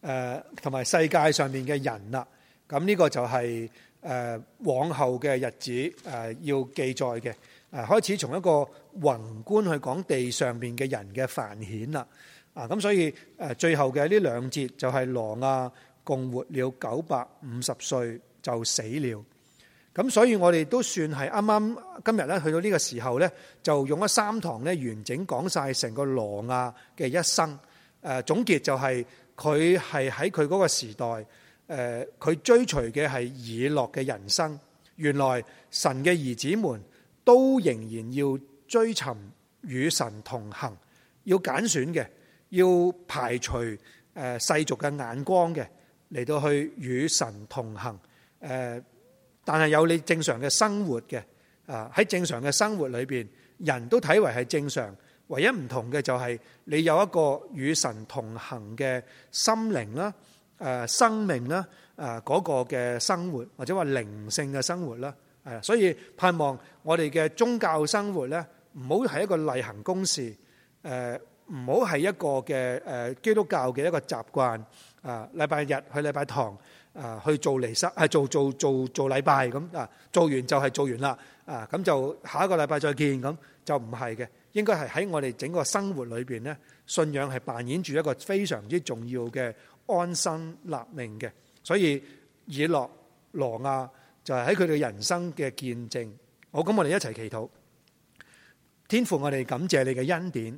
誒、啊，同埋世界上面嘅人啦，咁、啊、呢、這個就係、是、誒、啊、往後嘅日子誒、啊、要記載嘅。誒、啊，開始從一個宏觀去講地上面嘅人嘅繁衍啦。啊，咁所以誒最後嘅呢兩節就係挪亞共活了九百五十歲，就死了。咁所以我哋都算係啱啱今日咧去到呢個時候咧，就用咗三堂咧完整講晒成個挪亞嘅一生。誒，總結就係佢係喺佢嗰個時代，誒佢追隨嘅係以諾嘅人生。原來神嘅兒子們都仍然要追尋與神同行，要揀選嘅。要排除誒世俗嘅眼光嘅，嚟到去與神同行。誒，但係有你正常嘅生活嘅。啊，喺正常嘅生活裏邊，人都睇為係正常。唯一唔同嘅就係你有一個與神同行嘅心靈啦、誒生命啦、誒嗰個嘅生活或者話靈性嘅生活啦。係啊，所以盼望我哋嘅宗教生活咧，唔好係一個例行公事。誒。唔好係一個嘅誒基督教嘅一個習慣啊！禮拜日去禮拜堂啊，去做彌撒，係做做做做禮拜咁啊，做完就係做完啦啊！咁就下一個禮拜再見咁，就唔係嘅，應該係喺我哋整個生活裏邊呢，信仰係扮演住一個非常之重要嘅安身立命嘅。所以以諾、挪亞就係喺佢哋人生嘅見證。好，咁我哋一齊祈禱，天父，我哋感謝你嘅恩典。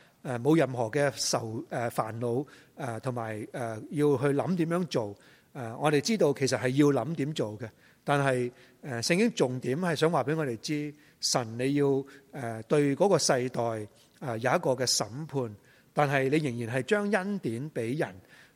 誒冇任何嘅愁誒煩惱誒，同埋誒要去諗點樣做誒。我哋知道其實係要諗點做嘅，但係誒聖經重點係想話俾我哋知，神你要誒對嗰個世代誒有一個嘅審判，但係你仍然係將恩典俾人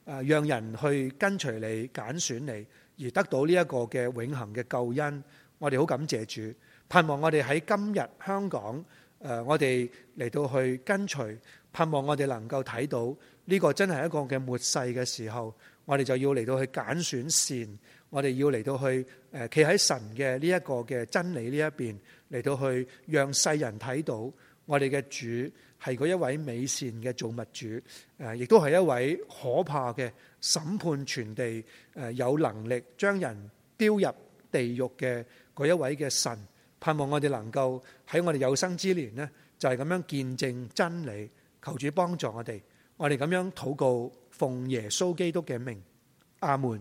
誒，讓人去跟隨你、揀選你而得到呢一個嘅永恆嘅救恩。我哋好感謝主，盼望我哋喺今日香港。誒，我哋嚟到去跟隨，盼望我哋能夠睇到呢、這個真係一個嘅末世嘅時候，我哋就要嚟到去揀選善，我哋要嚟到去誒，企喺神嘅呢一個嘅真理呢一邊嚟到去，呃、到去讓世人睇到我哋嘅主係嗰一位美善嘅造物主，誒、呃，亦都係一位可怕嘅審判全地，誒、呃，有能力將人丟入地獄嘅嗰一位嘅神。盼望我哋能夠喺我哋有生之年呢，就係咁樣見證真理，求主幫助我哋，我哋咁樣禱告，奉耶穌基督嘅名，阿門。